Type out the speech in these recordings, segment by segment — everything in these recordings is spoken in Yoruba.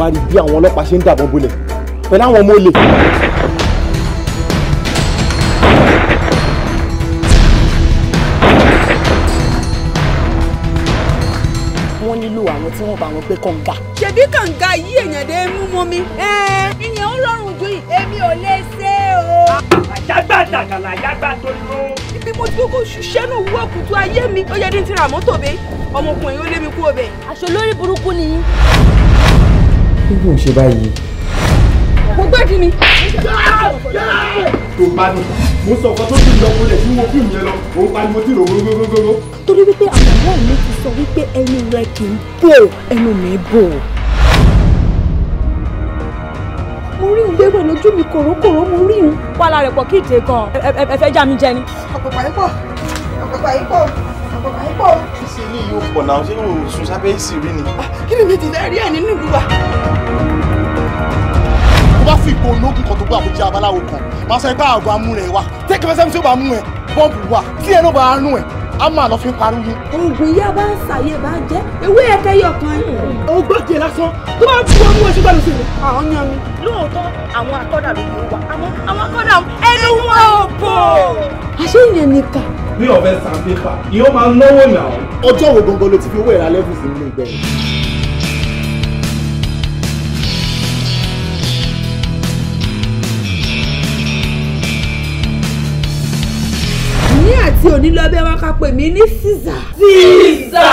bá rí bí àwọn ọlọ́pàá ṣe ń dàbọ̀ bolẹ̀ pẹ̀lú àwọn ọmọ olè. wọ́n nílò àwọn tí wọ́n bá wọn gbé kànga. ṣèbí kànga yí èèyàn dé mú mọ́ mi. ìyẹn ó rọrùn ju èmi ò lè ṣe o. àjàgbá dàgàlà àjàgbá torí o. ibi mo ti kókó ṣiṣẹ́ náà wúwo kùtù ayé mi ó yẹ ní ti ra mọ́tò bẹ́ẹ̀ ọmọkùnrin ó lé mi kú ọbẹ̀. aṣọ lórí burúkú nìyí kí ló ń ṣe báyìí. mo gbé kí ni. tó bá ní mo sọ ọkọ tó ti lọ wọlé tí mo fíìmù yẹn lọ òun pariwo tí rò gbogbogbò. torí wípé àwọn ọmọ mi ti sọ wípé ẹnu rẹ kì í bò ẹnu mi bò. mo rí ìwé rẹ lójú mi kòrókòró mo rí ìwé. wàhálà rẹ̀ pọ̀ kí ìdè gan-an fẹ́ já mi jẹ ni. ọ̀pọ̀pọ̀ yìí pọ̀ ọ̀pọ̀pọ̀ yìí pọ̀ pọ̀. ṣé ilé yóò pọ̀ náà ṣé yóò sùn sábẹ́ èsì rí ni. Ah, kí ni mi ti dá rí ẹ̀ nínú ìlú wa. mo bá fi ìbò ológun kan tó gbọ́ àbújá abaláwo kan máa sọ ẹgbẹ́ àgọ́ amú rẹ̀ wá tẹ́kẹ́ fẹ́ sẹ́mi tí ó bá mú ẹ bọ́ọ̀bù wà tí ẹ náà bá rún ẹ a máa lọ fi parú yín. oògùn ìyá bá ń ṣàyè bá jẹ ewé ẹkẹ yọ kan yín. òun gbọ́dọ̀ lásán tó bá ń fi ọmú ẹṣin gbọ́dọ̀ sí i. àwọn yan mi. lóòótọ́ àwọn akọ́dà ló ń wà àmọ́ àwọn akọ́dà ẹnu wọn ò bò. àṣé ìyẹn nìkan bí ọ̀fẹ́ sandpaper ni ó máa ń náwó nà ó. ọjọ́ wo gbogbo ló ti fi owó ìra lẹ́fù sí nínú ìgbẹ́ ní àti òní lọ ká pè mí ní sísà. sísà.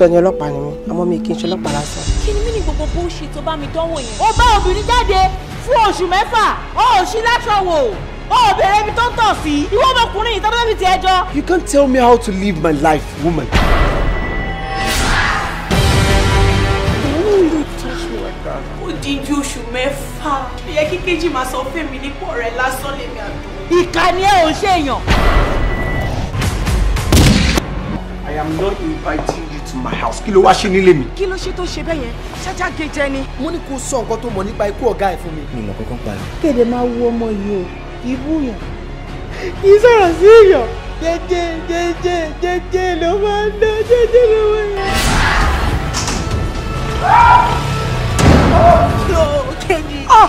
lóòótọ́ ni ọlọ́pàá ni mi àmọ́ mi kì í ṣe ọlọ́pàá lásán. kí ni mí ni gbogbo bó ṣe tó bá mi dánwò yẹn. ó bá obìnrin jáde fún oṣù mẹ́fà ó ò ṣí lẹ́tọ̀ tó ń tọ̀ sí ìwọ ọmọkùnrin yìí tọ́jú mi ti ẹjọ́. You can't tell me how to live my life, woman. odidi oṣù mẹ́fà ó yẹ kí kejì máa sọ fẹ́mi nípò rẹ̀ lásán lèmi àdó. ìkà ẹ ò ń I am not inviting to my house kí ló wá ṣe nílé mi. kí ló ṣe tó ṣe bẹ́ẹ̀ yẹn ṣájà gẹjẹ ni. mo ní kó sọ nǹkan tó mọ̀ nípa ikú ọ̀gá ẹ̀ fún mi. mi ìmọ̀ kankan pa ẹ̀. kéde máa wo ọmọ yìí o kì í kì í sọ̀rọ̀ sí ìyàn jẹ́jẹ́ jẹ́jẹ́ jẹ́jẹ́ ló máa ń dá jẹ́jẹ́ ló máa ń dá. kẹ́yìn. Ah!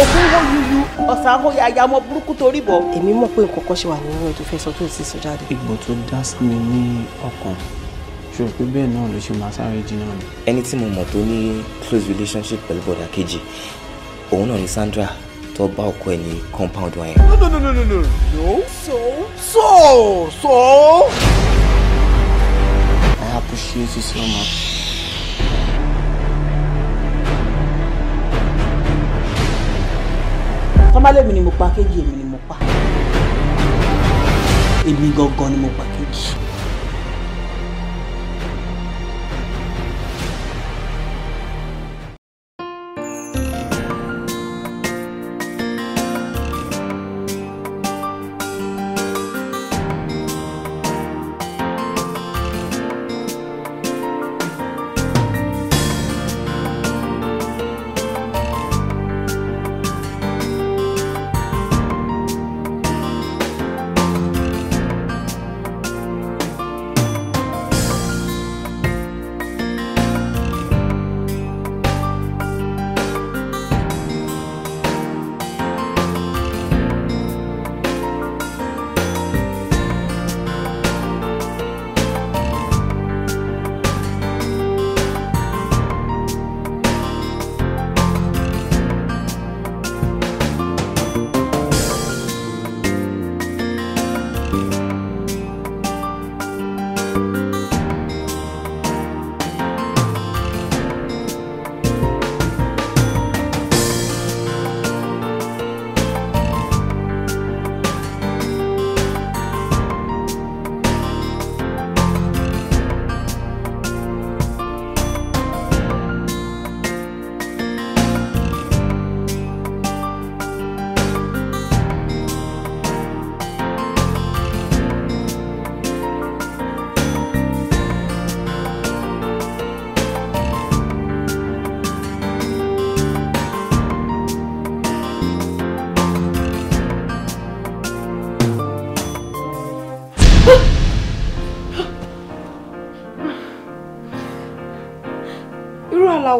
ògùn yuyu ọ̀sán ahoyè ayamọ burúkú torí bọ̀. èmi mọ̀ pé nǹkan kan ṣe wà nínú ẹ̀ tó fẹ́ sọ tó sì sọ jáde. ìgbọ̀n tó dá sí mi ní ọkàn ṣòro pé bẹ́ẹ̀ náà ló ṣe máa sáré jìnnà ni. ẹni tí mo mọ̀ tó ní close relationship pẹ̀lú bọ̀dà kejì òun náà ni Sandra tó bá ọkọ ẹ̀ ní compound wa yẹn. no no no no no no no so so so. I appreciate you so much. tọ́málẹ̀ mi ni mo pa kejì èmi ni mo pa èmi gangan ni mo pa kejì.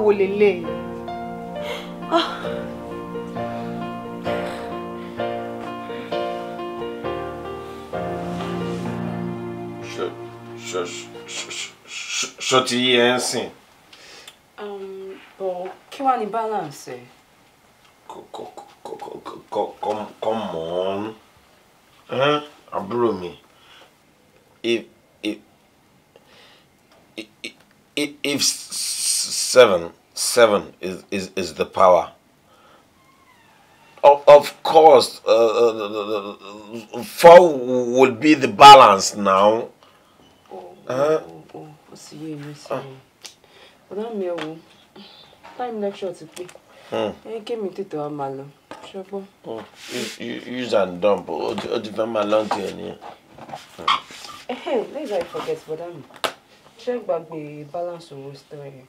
wo lélẹ̀ ah. ṣó ti yí ẹ ń sìn. Um, bọ̀ kí wàá ní balance ẹ̀. come on àbúrò mi if if if if seven seven is is, is the power of, of course uh, uh, uh, uh four would be the balance now uh, time lecture ti pé ẹ kémi tètè wá máa lọ ṣọgbọ́n. use and dump ó ti I forget bọ́dá mi ṣé gbàgbé balance owó story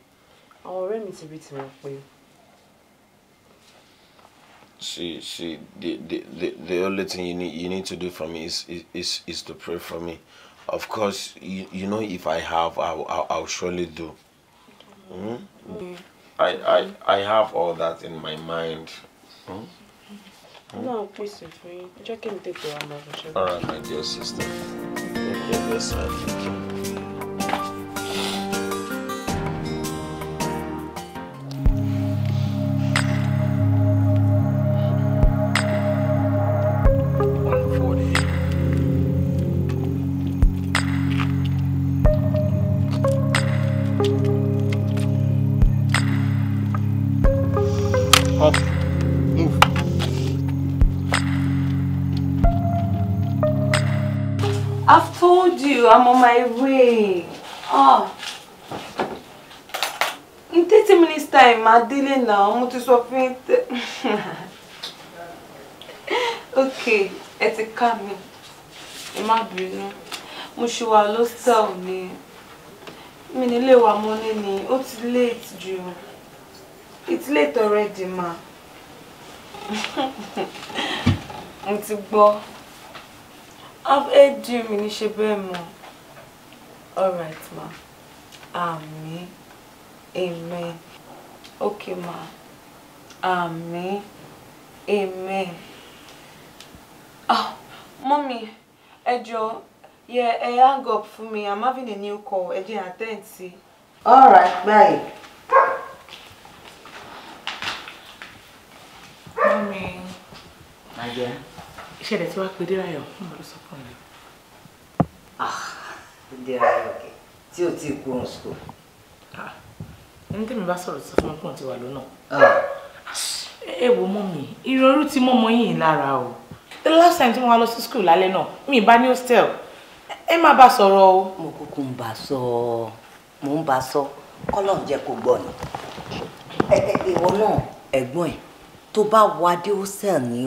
àwọn ọ̀rẹ́ mi ti to tí wọ́n pé. She, the, the, the, the only thing you need, you need to do for me is, is, is to pray for me. Of course, you, you know, if I have, I'll, I'll, I'll surely do. Mm -hmm. Mm I, I, I have all that in my mind. Mm No, please, if we check can take the All right, my dear sister. told you I'm on my way. Oh, In 30 minutes time, I'm dealing now. I'm ti sọ fún yín. Okay, it's coming. I'm mi. Ẹ má bínú. Mo ṣì wà lọ́sítẹ̀l ni. Mi nílé wa mọ́lé late jù. It's late already ma. Mo ti gbọ́ abd mi ní ṣe bẹ́ẹ̀ mọ́ alright ma Amen, amen okay ma Amen, amen Oh, mommy, ẹ yeah, yẹ hang up for me. i'm having a new call ẹ jẹ́ attend sí. alright bye. mọ́mí. my dear ṣẹlẹ̀ tí wàá pe Dérayọ̀ mo ló sọ fún mi. Ah, Dérayọ̀ kẹ tí o ti kúrò sùkúl. Ah, ẹni tẹ́mi bá sọ̀rọ̀ sọ fún mi pọ̀ ti wà lọ́nà. Ah. ẹ wo mọ́ mi ìrọ̀rú ti mọ́ mọ́ yìí lára o the last time tí mo wá lọ sí sùkúl lálẹ́ náà mi ì bá ní hostel ẹ má bá sọ̀rọ̀ o. mo kúkú ń bá sọ mo ń bá sọ kọ́lọ́n jẹ́ kó gbọ́ ni ìwọ náà ẹ̀gbọ́n ẹ̀ tó bá wá dé hostel ní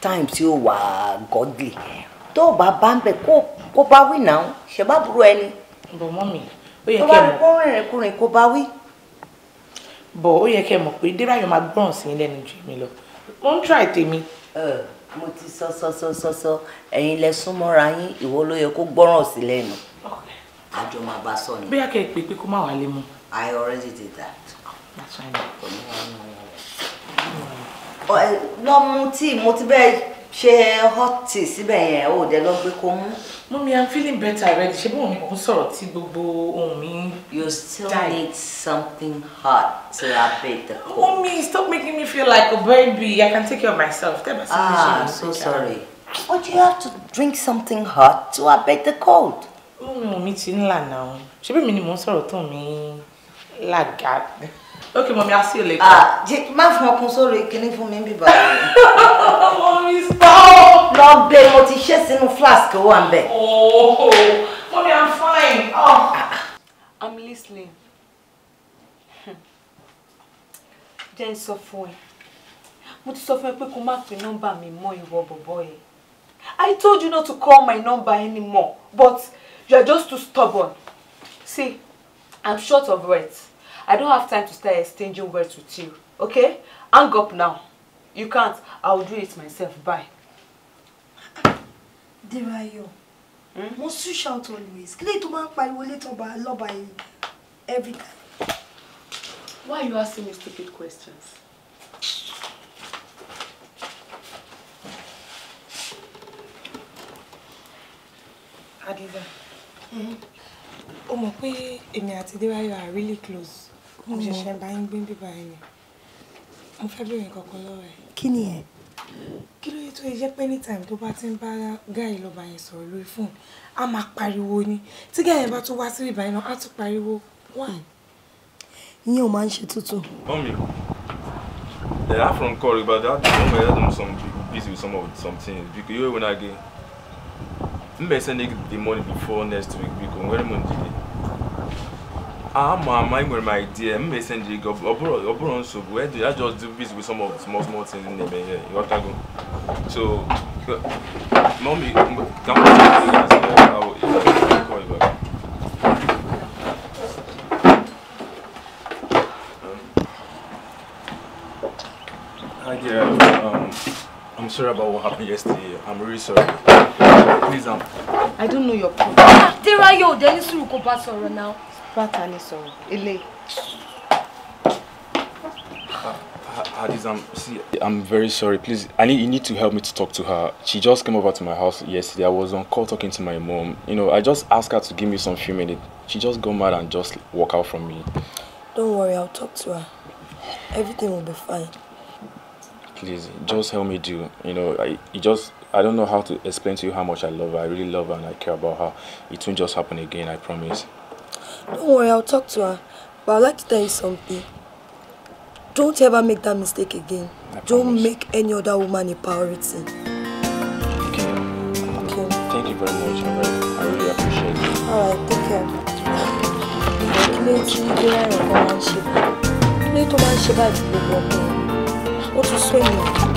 time tí ó wà godly tó o bá bá ń bẹ kó kó bá wí náà ṣe bá burú ẹni. bọ̀ mọ́ mi ó yẹ kẹ́ mọ̀. tó bá rí kó rìnrìn kúrin kó bá wí. bọ̀ ó yẹ kẹ́ mọ̀ pé débàyọ̀ máa gbọ́ràn sí lẹ́nu jù mí lọ mo ń try tèmi. mo ti sọ sọ sọ sọ sọ ẹ̀yin lẹ súnmọ́ra yín ìwọ ló yẹ kó gbọ́ràn sí lẹ́nu. àjọ máa bá sọ ni. bóyá kẹ́ ẹ pè pé kó má wàá lé mu. I already did that. That's why I'm not fine lọ́mú tí mo ti bẹ́ẹ̀ ṣe hot tea síbẹ̀ yẹn ò dé lọ gbé kó mú. mummy i'm feeling better already ṣé bóun ni mò ń sọ̀rọ̀ tí gbogbo ohun mi ń die. you still need something hot to abate the cold. mummy stop making me feel like a baby i can take care of myself. ah i'm so sorry. Why do you have to drink something hot to abate the cold? Mummy, mi ti ń là náà. Ṣé bí mi ni mò ń sọ̀rọ̀ tó mi lágàá? Okay, mommy, I'll see you later. Ah, má fún ọkùn sórí kíní fún mi bíbá. Mommy, stop! No, gbé mo ti ṣe sínú flask ó wà ń Oh, mommy, I'm fine. Oh. I'm listening. Jẹ́ so sọ fún ẹ. Mo ti sọ fún ẹ pé kó má pe nọ́mbà mi mọ́ ìwọ bọ̀bọ̀ ẹ. I told you not to call my number anymore, but you are just too stubborn. See, I'm short of words. I don't have time to start exchanging words with you. Okay? Hang up now. You can't. I'll do it myself. Bye. Derayo. Hmm? Mo switch out always. Kí lè tó máa ń pariwo létọ̀ bá lọ́ba every time. Why are you asking me stupid questions? Adiza. Mm -hmm. O mọ̀ pé èmi àti Derayo are really close mo ṣẹ̀ṣẹ̀ bá ń gbé bíbá ẹ̀ ni mo fẹ́ bèèrè kankan lọ́wọ́ ẹ̀. kí ni ẹ. kí ló yẹ tó yẹ jẹ́ pé anytime tó bá ti ń bá gáì lọ́ba yẹn sọ̀rọ̀ lórí fóònù a máa pariwo ni tí gáì yẹn bá tún wá sí bíbá yẹn náà á tún pariwo wá. ìyẹn ò máa ń ṣe tuntun. mọ́mí Yeah, I'm from Corey, but that moment that I'm some busy with some of some things because you know when I get, I'm sending the money before next week because when I'm on the ama ah, my enwere my dear m mesenji gị ọ bụrụ nsogbu edo just do this with some of small small things in the na-eme ihe ịghọtago so mọmi ka m Hi dear, um, I'm sorry about what happened yesterday. I'm really sorry. Please, um. I don't know your problem. Derayo, ah, there is Suruko Basoro now bàtà I'm, um, see, I'm very sorry. Please, I need you need to help me to talk to her. She just came over to my house yesterday. I was on call talking to my mom. You know, I just asked her to give me some few minutes. She just got mad and just walked out from me. Don't worry, I'll talk to her. Everything will be fine. Please, just help me do. You know, I you just I don't know how to explain to you how much I love her. I really love her and I care about her. It won't just happen again. I promise. Don't oh, worry, I'll talk to her. But I'd like to tell you something. Don't ever make that mistake again. I Don't promise. make any other woman a priority. Okay. Okay. Thank you very much. I really, I really appreciate it. All right, take care. Ilé tí ilé ẹ̀rọ kan máa ń ṣe báyìí. Ilé tó máa ń ṣe báyìí ti gbogbo ọkùnrin. Ó ti sún ènìyàn.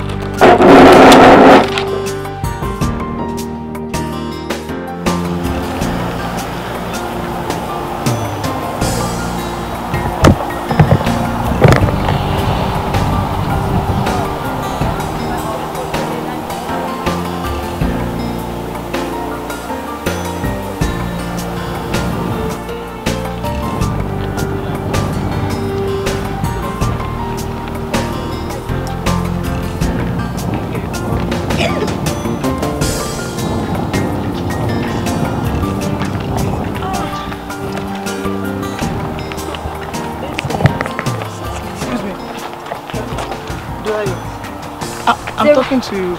talking to you.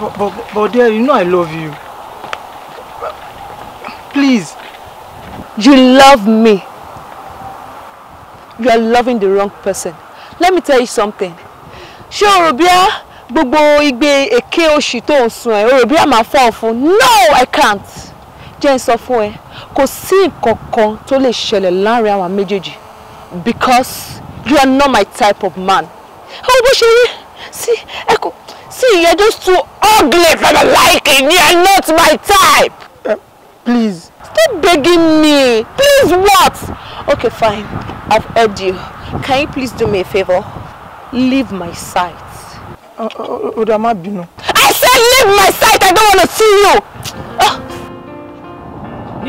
But, but, but dear, you know I love you. Please. You love me. You are loving the wrong person. Let me tell you something. Ṣé o rò bí a gbogbo igbe èké oṣù tó ń sun ẹ̀ o No, I can't. Jẹ́ n sọ fún ẹ, kò sí nǹkan kan tó lè ṣẹlẹ̀ because you are not my type of man. How bó ṣe See, Echo, see, you're just too ugly for my liking. You're not my type. Uh, please. Stop begging me. Please, what? Okay, fine. I've heard you. Can you please do me a favor? Leave my sight. Uh, uh, Oda, I said leave my sight. I don't want to see you. Uh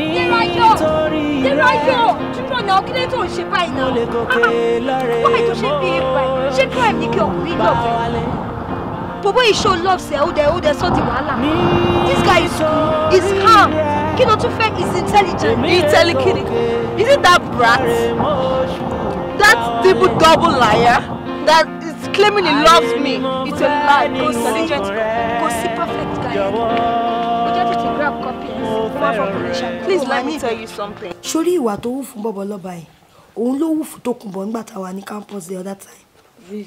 nítorí rẹ. Dérayọ̀ dúró náà kí lè tó ń ṣe báyìí náà. Mo lè gòkè lọ́rẹ̀ mọ́. Wáyé tó ṣe bí ipa ẹ̀ ṣé crime ni kí ọkùnrin lọ́fẹ̀ẹ́? Bọ̀bọ̀ ìṣó love sẹ̀ ó dẹ̀ ó dẹ̀ sọ́ di wàhálà. This guy is cool, he's calm, kí ló tún fẹ́ is intelligent. Intelligent is it that brat? That double double liar that is claiming he loves me. It's a lie. Kò sí perfect guy man from Onitsha please let me tell you something. Surely you are wù fún bọ́bọ́ lọ́ba yìí òun ló wù fún Tókunbọ̀ nígbà tá a wà campus the other time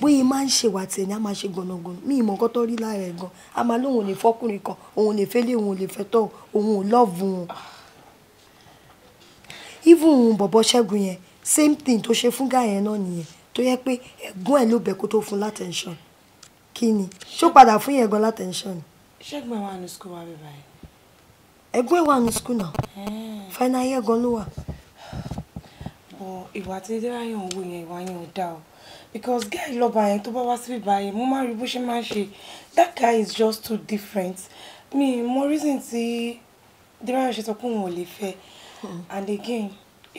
bóyá máa ń ṣe wà tiẹ̀ e ni a máa ṣe gbọ̀nàgbọ̀nà mí ìmọ̀ nǹkan tó rí lára ẹ̀ gan a máa lóun ò lè fọkùnrin kan òun ò lè fẹ́lẹ́ òun ò lè fẹ́tọ́ òun even òun bọ̀bọ̀ ṣẹ́gun yẹn same thing tó ṣe fún gáyẹn náà nìyẹn tó yẹ pé ẹ̀gbọ́n ẹ̀ ló bẹ̀ kó tó fún látẹ̀ǹṣọ̀n kí ni ṣó padà e fun yẹn gan látẹ̀ǹṣọ̀n. ṣẹ́gun àwọn àna sukùl wa bẹ̀ báyìí ẹ̀gbọ́n ẹ̀ wà ní school náà final year gan ló wà. bọ ìwà tí dẹ́ráyàn ń wò yẹn ìwà yẹn ò dáa o because guy lọ́ba yẹn tó bá wá síbí báyẹn mo máa rí bó ṣe máa ṣe that guy is just too different mi mo reason tí dẹ́ráyàn ṣe sọ pé òun ò lè fẹ́ and again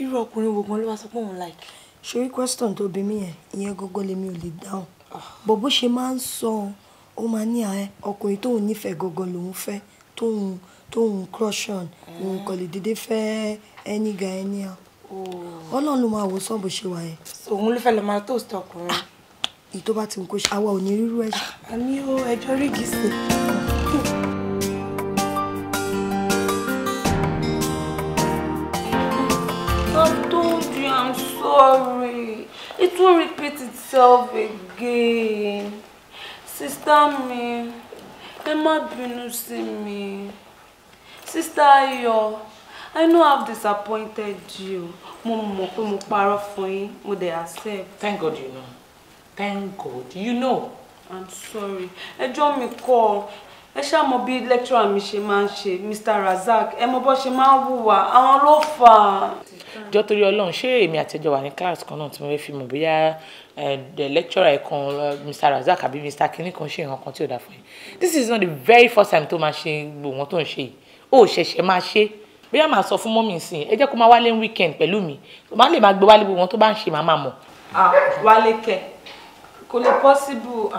irú ọkùnrin wo gan ló wá sọ pé òun like. ṣorí question tó bí mi yẹn ìyẹn gógó lèmi ò lè dáhùn ah. bọ̀ bó ṣe máa ń sọ ó máa ní ọkùnrin tóun nífẹ̀ẹ́ gógó lòun fẹ́ tóun tóun crush òun kò lè dédé fẹ́ ẹni ga ẹni à ọlọ́run ló máa wò sàn bó ṣe wà yẹn. òun ló fẹ́ lọ máa toast ọkùnrin. Ah, èyí tó bá ti ń kó ṣe àwa ò ní rírú ẹ̀. Ah, àmì o ẹjọ́ rí gìsì. Oh, I'm sorry. It won't repeat itself again. Sister me ẹ má bínú sí mi sister ayọ̀ i know i've disappointed you mo mọ̀ pé mo parọ́ fún yín mo dey accept. thank god you know thank god you know. i'm sorry ẹjọ́ mi kọ́ ẹ ṣàmọ bí lecturer mi ṣe máa ń ṣe mr razak ẹ mọ bó ṣe máa ń hùwà àwọn ló fà á jọ torí Ọlọ́run ṣé èmi àtẹjọ wà ní class kan náà tí mo fẹ́ fi mọ̀ bóyá eh, the lecturer kan eh, Mr Razak àbí Mr kinní kan ṣe nǹkan tí ò dáa fún yín this is not the very first time tó máa ṣe gbogbo wọn tó ń ṣe yìí ó ṣẹ̀ṣẹ̀ máa ṣe bóyá màá sọ fún mọ́mì sí ẹ jẹ́ kó máa wálé weekend pẹ̀lú mi tó máa lè máa gbé wálé gbogbo wọn tó bá ń ṣe màá máa mọ̀. wálé kẹ kò lè possible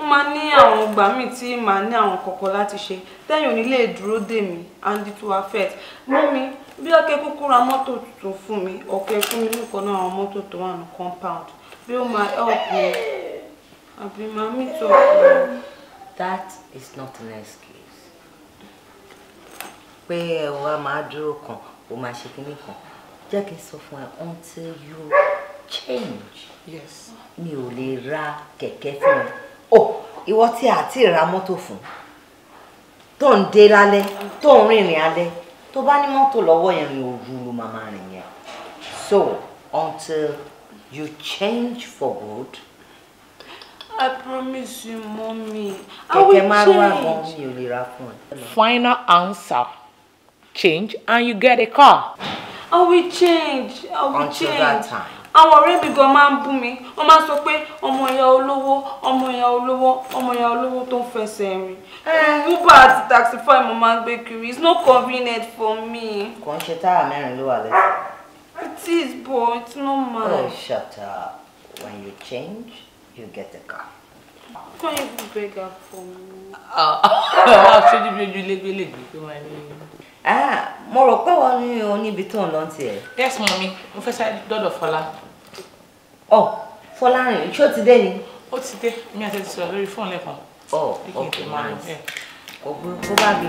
n máa ní àwọn ọgbà míì tí màá ní àwọn kọ̀ọ̀kan láti ṣe tẹ́yìn ò ní lè dè mí and it will affect mọ́mì bí ọkẹ́ kúkú ra mọ́tò tuntun fún mi ọkẹ́ fún mi nìkan náà àwọn mọ́tò tó wà ní compound bí ó máa help me àbí máa mi tọ́ ọ. that is not an excuse pé ẹ wá máa dúró kan ó máa ṣe kínní kan jẹ́ kí n sọ fún ẹ until you change yes mi ò lè ra kẹ̀kẹ́ fún ẹ oh ìwọ tí a ti ra mọ́tò fún tó ń dé lálẹ́ tó ń rìnrìn alẹ́ tó bá ní mọ́tò lọ́wọ́ yẹn rìn òru ló rìn yẹn so until you change for good. I promise you, mommy. I will change. Final answer. Change and you get a car. I will change. I will Until change. Until that time àwọn ọ̀rẹ́ mi gan máa ń bú mi wọ́n máa ń sọ pé ọmọ ìyá olówó ọmọ ìyá olówó ọmọ ìyá olówó tó ń fẹsẹ̀ rìn eh. uber àti taxify mo máa ń gbé kiri it's no convenient for me. kò ń ṣe táyà mẹ́rin ló wà lẹ́sẹ̀. it is but it's normal. oh shut up when you change you get a car. Can you beg her for me? Ah, ṣojú bí ojú lébi lè gbé pé wọ́n ní. Ah, mo rò pé wọ́n ní oníbi tó ń lọ tiẹ̀. Yes, mummy, mo fẹ́ sáré dọ́dọ̀ Fọlá ọ fọlárin ṣé ó ti dé ni. ó ti dé mi àti ẹtì sọ̀rọ̀ lórí fóònù lẹ́kọ̀ọ́. ọ ok nice ọgbọ́n tó bá gbé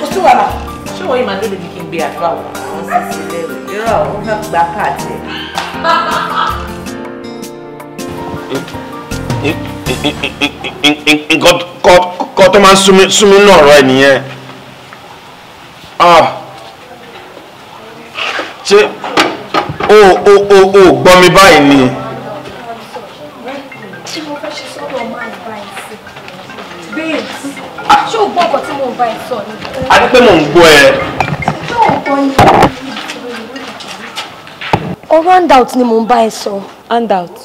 kó sí wàhálà ṣé wọ́n yìí máa débi kí n gbé àdúrà wọn. wọ́n sì sí lẹ́rù irọ́ ó fẹ́ gba káàdì ẹ̀. nǹkan tó máa ń súnmí náà rọ ẹnìyẹn ah. ṣé o o o gbọ́ mi báyìí ni. bá ẹ sọ ni. a ní pé mò ń gbọ́ ẹ. ọ̀rọ̀ handout ni mò ń bá ẹ sọ. handout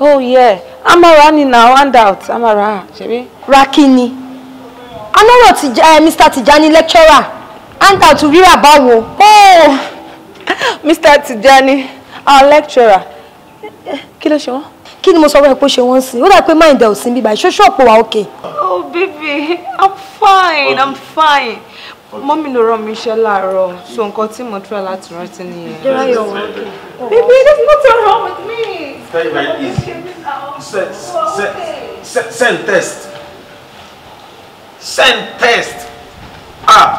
oh yeah amara ni na Out. amara ṣebí. rakini anọ́rọ̀ ti uh, eh, Mr. Tijani lecturer handout rírà báwo. oh Mr. Tijani our lecturer kí ló ṣe wọ́n kí ni mo sọ fún ẹ pé ṣe wọ́n sìn ó dà pé mind ẹ̀ ò sí bíbá ìṣó ṣọ́ọ̀pù wa òkè. oh baby i'm fine i'm fine mọ́mí ló rán mi iṣẹ́ láàárọ̀ so nǹkan tí mo try láti rántí nìyẹn. dẹ́rẹ́ yọ̀ wọ́n kì í. baby there's nothing wrong with me. it's very very easy send send send test send test ah.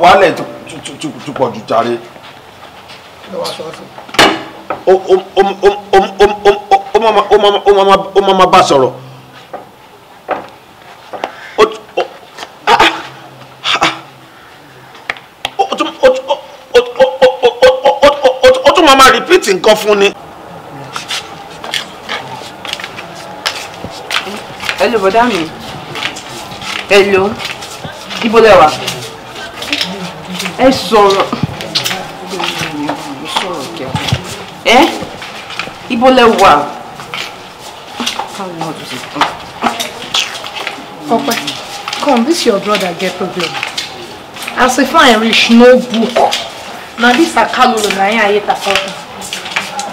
wàhálẹ̀ tó pọ̀ jù jàre ó máa ma bá sọ̀rọ̀ ó tún máa ma repeat nǹkan fún ni. hello bọ̀dá mi hello ibo lẹ wà ẹ sọ̀rọ̀. Eh? ibo lẹ wà. Ọpẹ́, come this your brother get problem. As if I reach no book, Now this akalolo na him I hate akọta.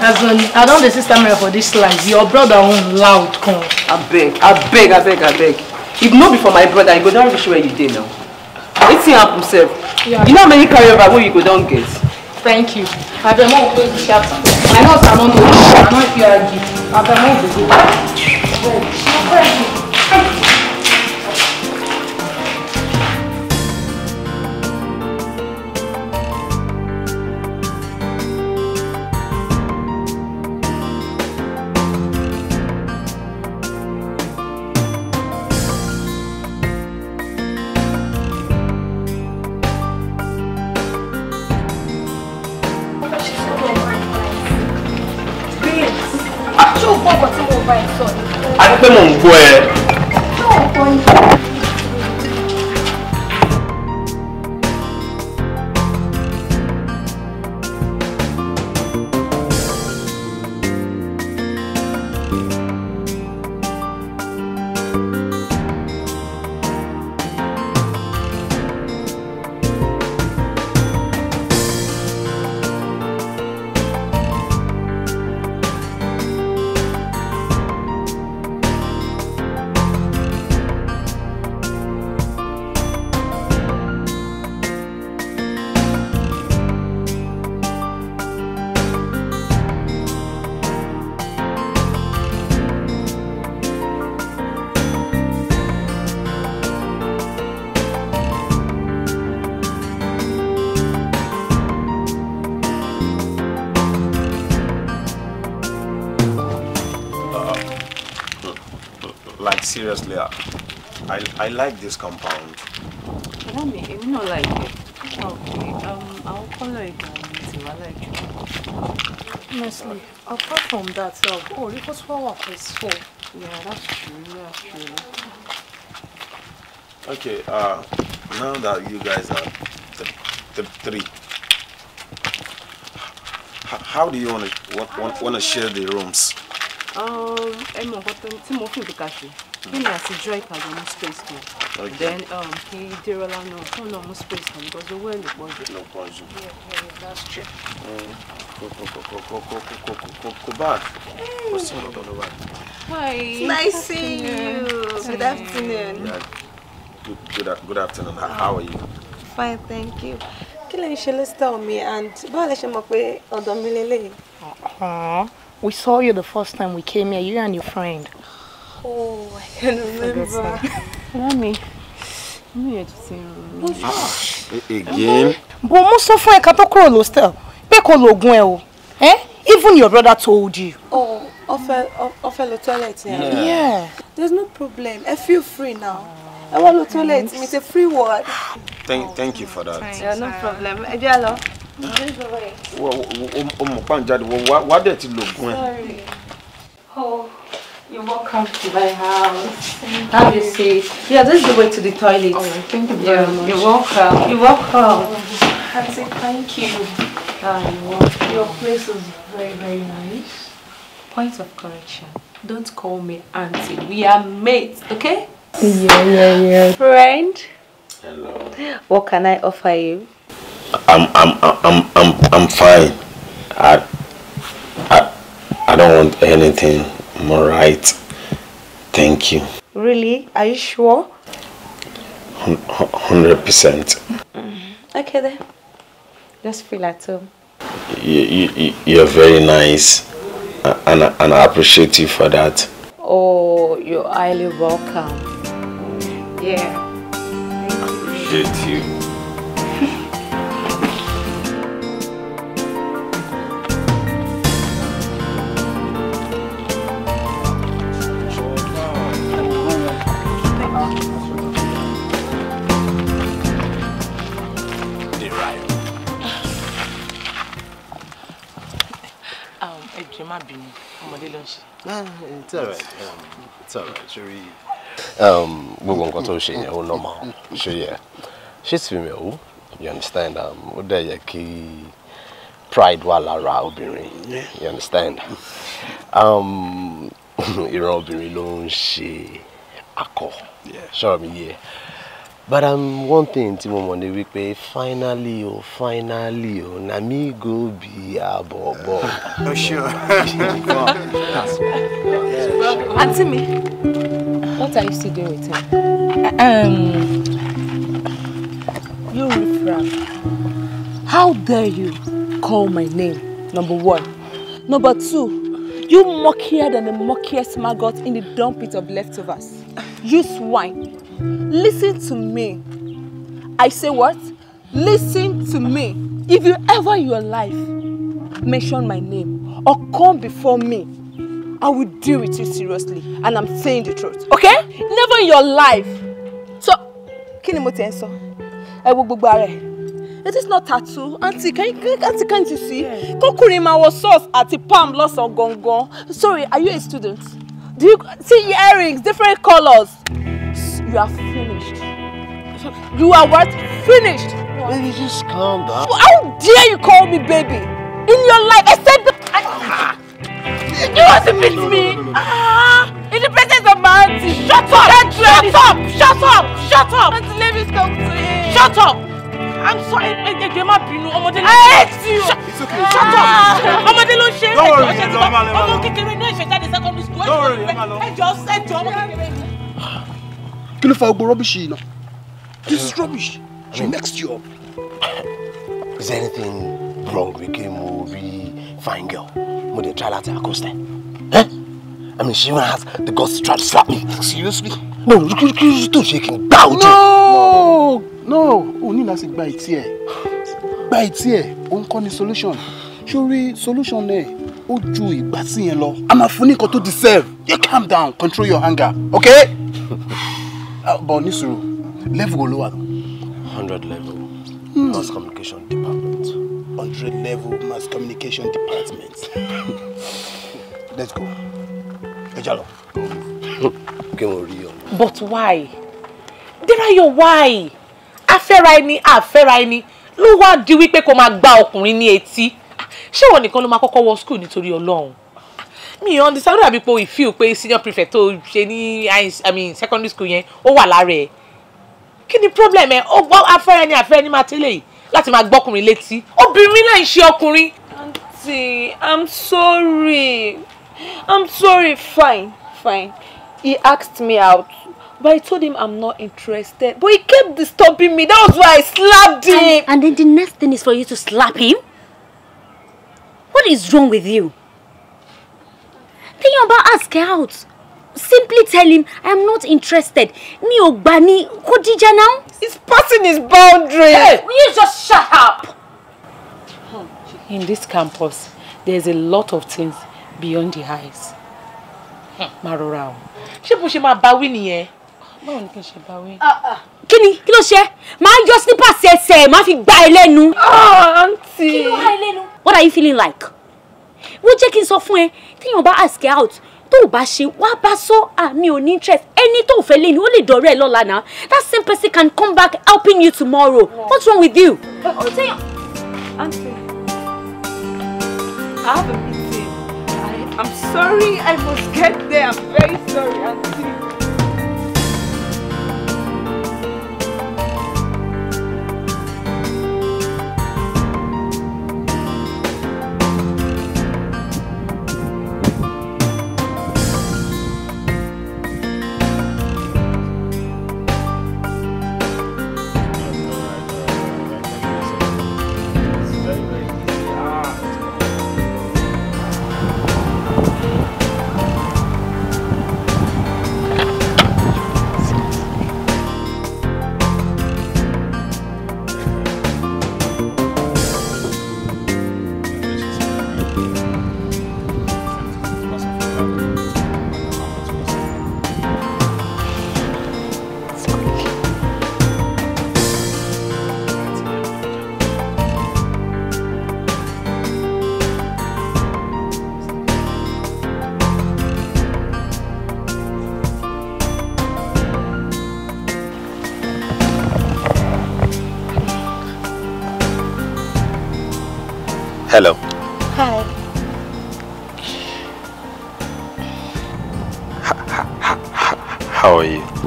As in, I don't the see stamina for this life, your brother own loud come. I I beg. beg. I beg. I beg. If not before my brother, I go down reach where you did now. Let's Wetin happen sef? You know how many carryover when you go down get? Thank you. Abeg, a more close the chapter. I know Samon will, não é if you are a gift. After my visit. I like this compound. Rami, you not like it. Okay, um, I'll follow it down I like it. Honestly, apart from that, uh, oh, it was flower is full. Yeah, that's true, Yeah, true. Okay, uh, now that you guys are the, the three, how do you want to want, want, to share the rooms? Um, I'm going to kí ni àtijọ́ ìpàdé mú space kan then kí dérọ́lá náà fún náà mú space kan because owó ẹ̀ ló pọ̀ jù. ló pọ̀ jù kò bá kò sí ọ̀dọ̀ ló wà. Hi. Nice seeing you. Good afternoon. Good, good, good afternoon. How are you? Fine, thank you. Kí lè ń and báwo lẹ ṣe mọ̀ pé ọ̀dọ̀ uh-huh. We saw you the first time we came here, you and your friend. Oh, I can remember. Mommy, mi yẹ ti ti rùn mí. Again. Bọ̀ mo sọ fún can't tó kúrò lọ́stẹ̀l pé kò lògùn ẹ̀ o. Eh? Even your brother told you. Oh, ọfẹ ọfẹ the toilet Yeah. Yeah. There's no problem. I feel free now. I want the toilet. It's a free word. Thank, thank you for that. Yeah, no problem. Ẹ jẹ́ lọ. Wọ́n mọ̀ pàǹjáde wọ́n what did you lògùn ẹ̀. Sorry. Oh. You're welcome to my house. Thank Have you. your seat. Yeah, this is the way to the toilet. Oh, thank you very yeah, much. You're welcome. You're welcome. Oh, Auntie, thank you. Your place is very, very nice. Point of correction. Don't call me auntie. We are mates, okay? Yeah, yeah, yeah. Friend. Hello. What can I offer you? I'm, I'm, I'm, I'm, I'm fine. I, I, I don't want anything. I'm alright. Thank you. Really? Are you sure? 100%. Mm. Okay then. Just feel at home. You, you, you're very nice and, I, and I appreciate you for that. Oh, you're highly welcome. Yeah. Thank you. I appreciate you. jọ̀ọ́ má bínú ọmọdé ló ń ah, it's alright um, it's alright sori um, gbogbo nǹkan tó ṣe yẹn ó normal ṣe yẹ she's female o you understand Um, ó dẹ̀ yẹ kí pride wà lára obìnrin you understand um, ìran obìnrin ló ń ṣe akọ sọ̀rọ̀ mi yẹ. Yeah but um, one thing tí mo mọ̀ ni wípé finally o oh, finally o oh, na me go be abobo. o oh, sure. aunty mi what are you still doing with him. Um, you riffraff how dare you call my name number one number two you muckier than the muckiest maggot in the dump pit of leftovers you swine Listen to me. I say what? Listen to me. If you ever in your life mention my name or come before me, I will deal with you seriously. And I'm saying the truth, okay? Never in your life. So, kini ni mo ti ń sọ? Ẹ It is not tattoo. Auntie, can you, auntie, can't you see? Kọ́kùnrin máa wọ socks àti palm loss án gangan. Sorry, are you a student? Do you see earrings, different colors? You are finished. You are what? Finished. Baby, just calm down. How dare you call me baby? In your life, I said that. You want to beat me? ah, in the presence of my auntie. Shut up! Shut up! Shut up! Shut up! Auntie Levis, come to him. Shut up! I'm sorry, ẹgbẹ́ má bínú, ọmọdé ló ń ṣe. I hate you! It's okay. Shut up! Ah, ọmọdé ló ń ṣe ẹ̀jọ̀ ọ̀ṣẹ̀ tí wọ́n ọmọ kékeré náà ìṣẹ̀jáde secondary school. Ẹ̀jọ̀ ẹ̀jọ̀ ọmọ kékeré kí ló fa gbogbo rubbish yìí náà this is rubbish she I you up. is there anything wrong with kí mo rí fine girl mo dey try láti accost her. Eh? I mean, she even has the guts to try to slap me. Seriously? No, look, look, look, don't shake him. Bow No! No! O ní láti gba ìtì ẹ̀. Gba ìtì ẹ̀, òun kọ́ ni solution. Sori solution ẹ̀, ó ju ìgbà sí yẹn lọ. A máa fún ní deserve. You calm down, control your anger, okay? Ah, bọ̀ ní level wo ló hundred level mm. mass communication department. hundred level mass communication department. let's go Ejalo. jà lọ. kí wọ́n rí but why Derayo why afẹ́ra ẹni àfẹ́ra ẹni ló wá di wípé kó máa gba ọkùnrin ní etí ah, ṣé wọn nìkan ló máa kọ́kọ́ wọ school nítorí Ọlọ́run mi ò understand dàbí pé o ìfíw pé senior prefect tó ṣe ní i mean secondary school yẹn ó wà lára ẹ kí ni problem ẹ ó gbọ́ afẹ́rẹ́ ni afẹ́rẹ́ ni máa tẹ́lẹ̀ yìí láti máa gbọ́kùnrin létí obìnrin náà ń ṣe ọkùnrin. aunty i'm sorry i'm sorry fine fine he asked me out but I told him I'm not interested. But he kept disturbing me. That was why I slapped him. And, and then the next thing is for you to slap him? What is wrong with you? téèyàn bá ask out simply tell him i am not interested Me, ò gbà now. he's passing his boundary. Hey, will you just shut up. Hmm. in this campus there's a lot of things beyond the eyes. Hmm. má She o. ṣé bó ṣe máa ah. wí nìyẹn. báwo ni kí n ṣe ah, ah. ni kí ló ṣe máa fi gbá ẹ lẹ́nu. àǹtí. Ah, kí ló wá what are you feeling like wọ́n jẹ́ kí n sọ fún ẹ téèyàn bá ask out tó o bá ṣe wá bá sọ àmì ò ní interest ẹni tó o fẹ́ lé ni ó lè dọ̀rẹ́ ẹ lọ́la náà that same person can come back helping you tomorrow no. what's wrong with you. ọ̀ téèyàn. I have a meeting. I, I'm sorry I must get there. I'm very sorry, Auntie.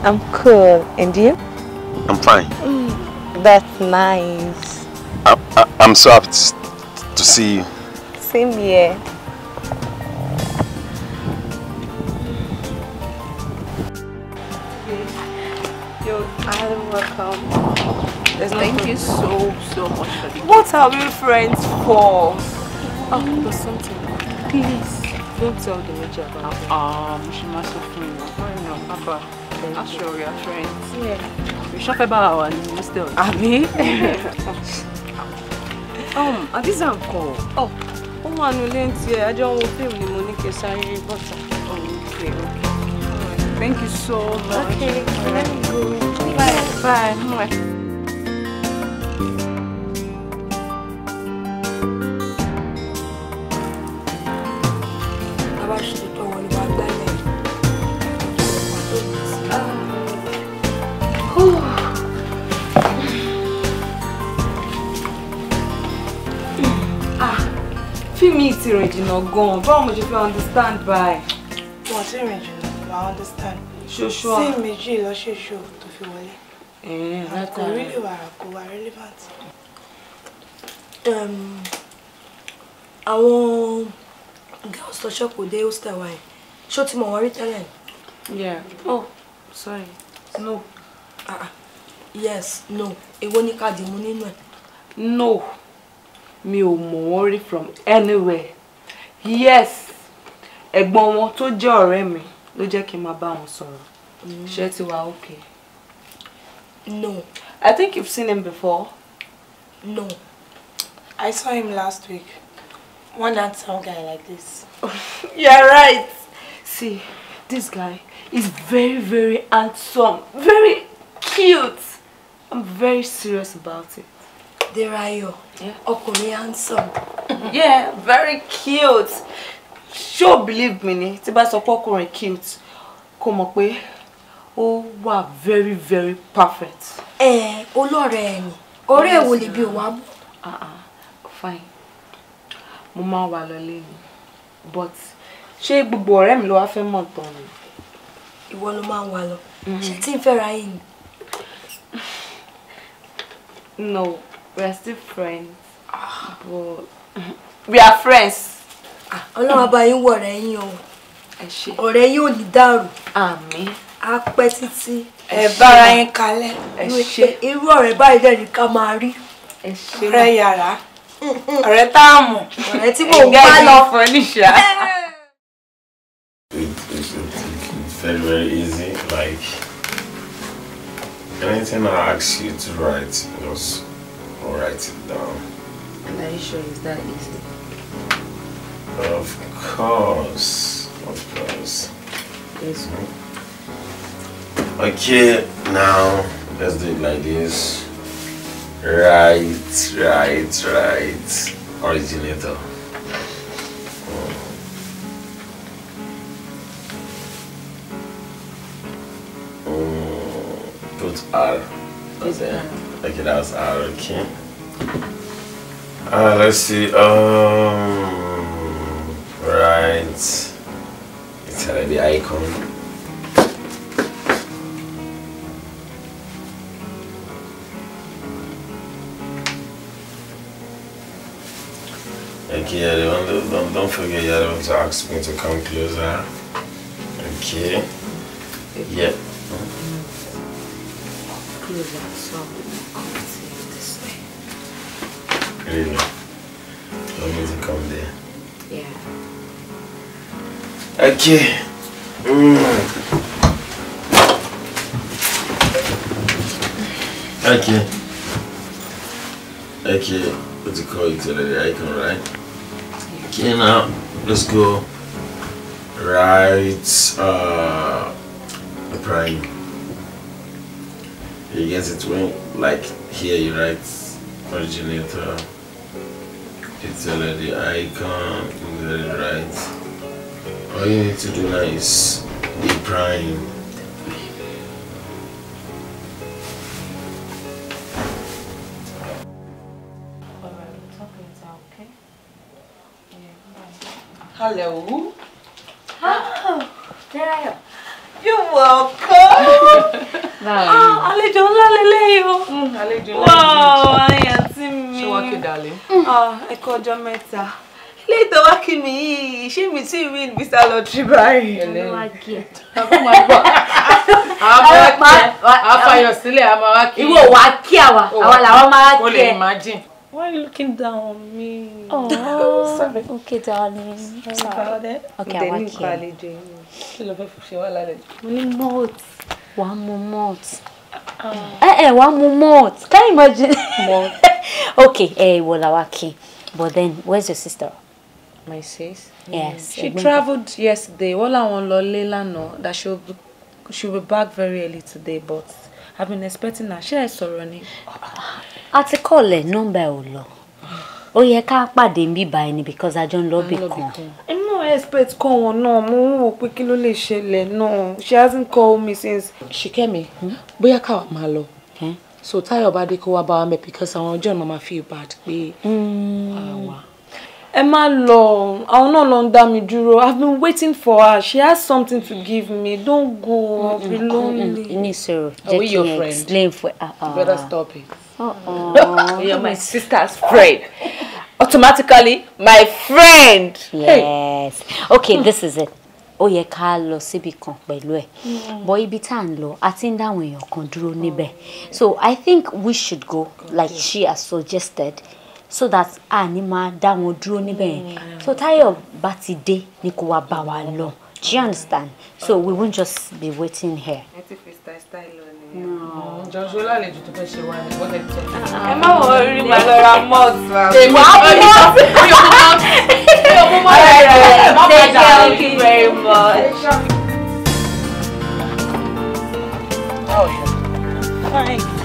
I'm cool. And you? I'm fine. Mm, that's nice. I, I, I'm so happy to see you. Same here. You're welcome. Thank you so, so much for the What are we friends for? Oh, there's something. Please, don't tell the major about ah, it. Um, she must have been. Papa. aṣọ rẹ aṣọ rẹ ìṣọ́fẹ́ Abi. Um, ní hostel. àbí àdìsá nǹkan ọ ó wà I just tiẹ̀ ajọ́ ń wo fíìmù ni mo ní kí n sáré bọ́tà. Oh, Thank you so much. Okay, let me go. Bye. Bye. Bye. ti rìn jìnnà gan-an báwo mo ṣe fẹ́ understand by. wọ́n ti rìn jìnnà gan i understand. ṣoṣo a sí méjì lọ ṣoṣo tó fi wọlé. àkó rílì wà àkó wà relevant. àwọn girls tó ṣọ́pù dé hostel wa yẹn ṣó ti mọ̀ wọ́n rí tẹ́lẹ̀. yeah oh sorry no. Ah, ah. yes no èwo ni ká dì mú nínú ẹ̀. no mi ò mọ̀ wọ́n rí from anywhere yes ẹ̀gbọ́n wọn tó jẹ́ ọ̀rẹ́ mi ló jẹ́ kí n máa bá wọn sọ̀rọ̀ mm. ṣé ti wà okay. no i think you've seen him before. no i saw him last week one handsome guy like this. you're right see this guy is very very handsome very cute i'm very serious about it. There you. Derayo, ọkùnrin handsome. Yeah, very cute. Sure, believe me ni tí bá sọ pé ọkùnrin cute kò mọ̀ pé ó wà very very perfect. Ẹ olóore ẹ̀yìn, orí èwo lè bí ah, mú. Ah, fine, mo máa wà lọlé ni, but ṣé gbogbo ọ̀rẹ́ mi ló wá fẹ́ mọ̀ tán ni? Ìwọ ló máa ń wà lọ, mm-hmm. ṣé tí ra yìí No we are still friends but we are friends. Ah, ọlọ́run abayín wọ̀ ọ̀rẹ́ yín o ọ̀rẹ́ yín ò ní dàrú. àmín. a pẹ́ títí ẹ bára yín kalẹ̀ irú ọ̀rẹ́ báyìí dẹ̀ ní ká máa rí ọ̀rẹ́ yàrá ọ̀rẹ́ tá a mọ̀ ọ̀rẹ́ tí mò ń bá lọ. Very, very easy. Like anything I ask you to write, just or write it down. And are you sure it's that easy? Of course, of course. Yes. Okay, now let's do it like this. Right, right, right. Originator. Mm. Mm. Put R. That's it. Okay, that was R, okay. Uh, let's see, um, right, it's already icon. Okay, don't, don't, don't forget you don't to ask me to come closer. Okay, yeah is not so this way. Really? No need to come there. Yeah. Okay. Mm. Okay. Okay. What's it called? It's already icon, right? Okay, now let's go. Right. Uh, the prime. You get it when, like, here you write originator, it's already icon, It's already right. All you need to do now is the prime. Hello. Hello. Ah, there I am. You're welcome. ah, àlejò ńlá lélẹ́yìí o. Hmm, àlejò ńlá. Wow, àyàntí mi. Ṣé wọ́n kí dalẹ̀? Hmm. Ah, ẹ kú ọjọ́ mẹ́ta ilé ìtọ́wá kí mi yìí ṣé mi tí win visa lottery báyìí. àwọn afayọ̀sílẹ̀ a máa wá kí. ìwọ wá kí àwa àwa làwọn máa kí ẹ. o lè imagine. Why are you looking down on me? Oh, sorry. Okay, darling. Sorry. sorry. Okay, Then you. call ló fẹ́ fi ṣe wá lálejò? Mo ní malt. Wàá mu malt. Ẹ ẹ wàá mu Can you imagine? Malt. okay, ẹ eh, ìwọ làwa kì. But then, where's your sister? My sis? Yes. Mm. She travelled yesterday. Wọ́n làwọn lọ lé lánàá that she'll be, she'll be back very early today but. I've been expecting her. Ṣé ẹ sọ̀rọ̀ ni? A ti kọ̀lẹ̀ nọ́mbà ẹ̀ ò lọ. Ó yẹ ká pàdé ń bíbá ẹni because I don't love it kan. Èmi náà expect kọ́ wọn náà, mo ń wò pé kí ló lè She hasn't called me since. she came. Hmm? bóyá káwa máa lọ. So Táyọ̀ bá dé kó wá bá wa mẹ́ because I want ìmọ̀ mama feel bad pé àwa. Hmm. Emma, má lọ àwọn náà ló ń dá mi dúró i've been waiting for her she has something to give me don't go I'll be lonely. nisoro jẹ́ your n explain for her. Uh, you better uh. stop it. Uh uh-uh. -uh. you are my sister's friend. automatically my friend. yes hey. okay hmm. this is it Oh yẹ ká lọ síbi kan pẹ̀lú ẹ̀ hmm. bọ́ ibi tá à ń lọ a ti ń dáwọn èèyàn kan dúró níbẹ̀ so i think we should go like she has suggested. Mm so that a ní máa dá wọn dúró níbẹ̀ yẹn mm. so táyọ̀ bá ti dé ni kò wá bá wa lọ do you understand so we won't just be waiting here. ẹ ti fi style style lọ ni. Mm. jọ̀ṣọ́ lálejò tó fẹ́ ṣe wá ní wọ́n lè tẹ̀. Ah, ẹ má wọ orí ah. màá lọ ra malt. èmi á mú malt. mi ò mú malt. mi ò mú malt. ẹ má bàjẹ́ thank you very much. báwo ṣe. fine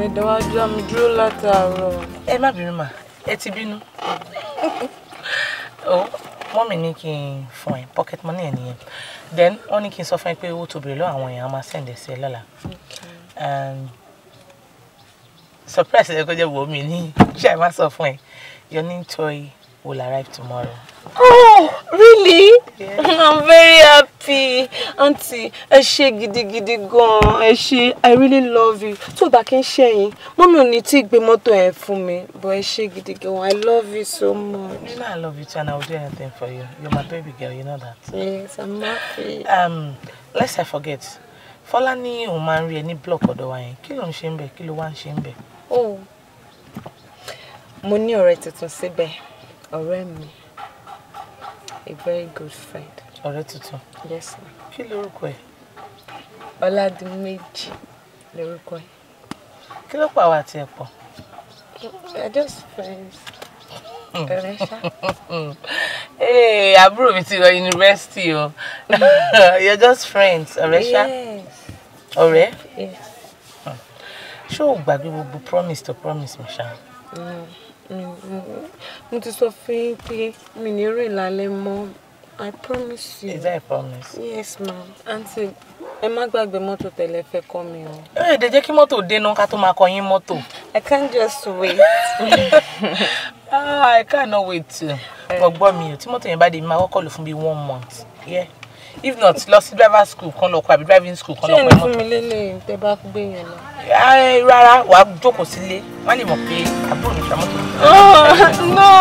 mi dáwájú dá mi dúró látàárọ̀. ẹ má bínú mà ẹ ti bínú. Oh, mọ́ mi ní kí n fún ẹ pocket money ẹ nìyẹn then wọ́n ní kí n sọ fún ẹ pé owó tó bèrè lọ́wọ́ àwọn èèyàn á máa send ẹ sí ẹ lọ́la. Um, surprise ẹ kọjá wò mí ní ṣáà má fún ẹ your new toy will arrive tomorrow. Oh, really? Yes. I'm very happy. Auntie, I ṣé gidigidi gan-an. I ṣé, I really love you. So that can share ṣe Mommy only take ní motto ì gbé mọ́tò ẹ̀ But ẹ ṣé gidi gan I love you so much. You know I love you too and I will do anything for you. You're my baby girl, you know that. Yes, I'm happy. Um, lest I forget. Follow me. òun máa ń rí block or wa yẹn. Kill ló ń Kill one bẹ̀? Oh, Money already to tuntun síbẹ̀, ọ̀rẹ́ mi a very good friend. ọ̀rẹ́ tuntun. yes ma. kí lorúkọ ẹ. ọládùméjì lorúkọ ẹ. kí ló pa àwọn àti ẹ pọ̀. we are just friends. Hmm. ọ̀rẹ́ ṣá. ee àbúrò mi ti lọ yunifásitì o you are just friends ọ̀rẹ́ ṣá. yes. ọ̀rẹ́. yes. Hmm. ṣé o gbàgbé gbogbo promise to promise mi ṣá. Mm. Mm-hmm. mo ti sọ fún yín pé mi ní rìn lálẹ́ mọ́ I promise you. Is that a promise? Yes ma aunty ẹ má gbàgbé mọ́tò tẹ̀lé fẹ́ kọ́ mi o. ẹ ẹ jẹ́ kí mọ́tò dénú ká tó máa kọ yín mọ́tò. I can't just wait. ah, I cannot wait too. gbọ́gbọ́ mi ò tí mọ́tò yẹn bá dé mi máa kọ́kọ́ lò fún bíi one month. Yeah if not lọ sí driver school kan lọ kọ àbí driving school kan lọ kọ ẹ mọ́tò. ṣé ẹni fún mi lélẹ̀ tẹ bá gbé yẹn lọ rárá wàá jókòó sílé wọ́n lè mọ̀ pé àbúrò mi ṣàmọ́tò. Oh, no.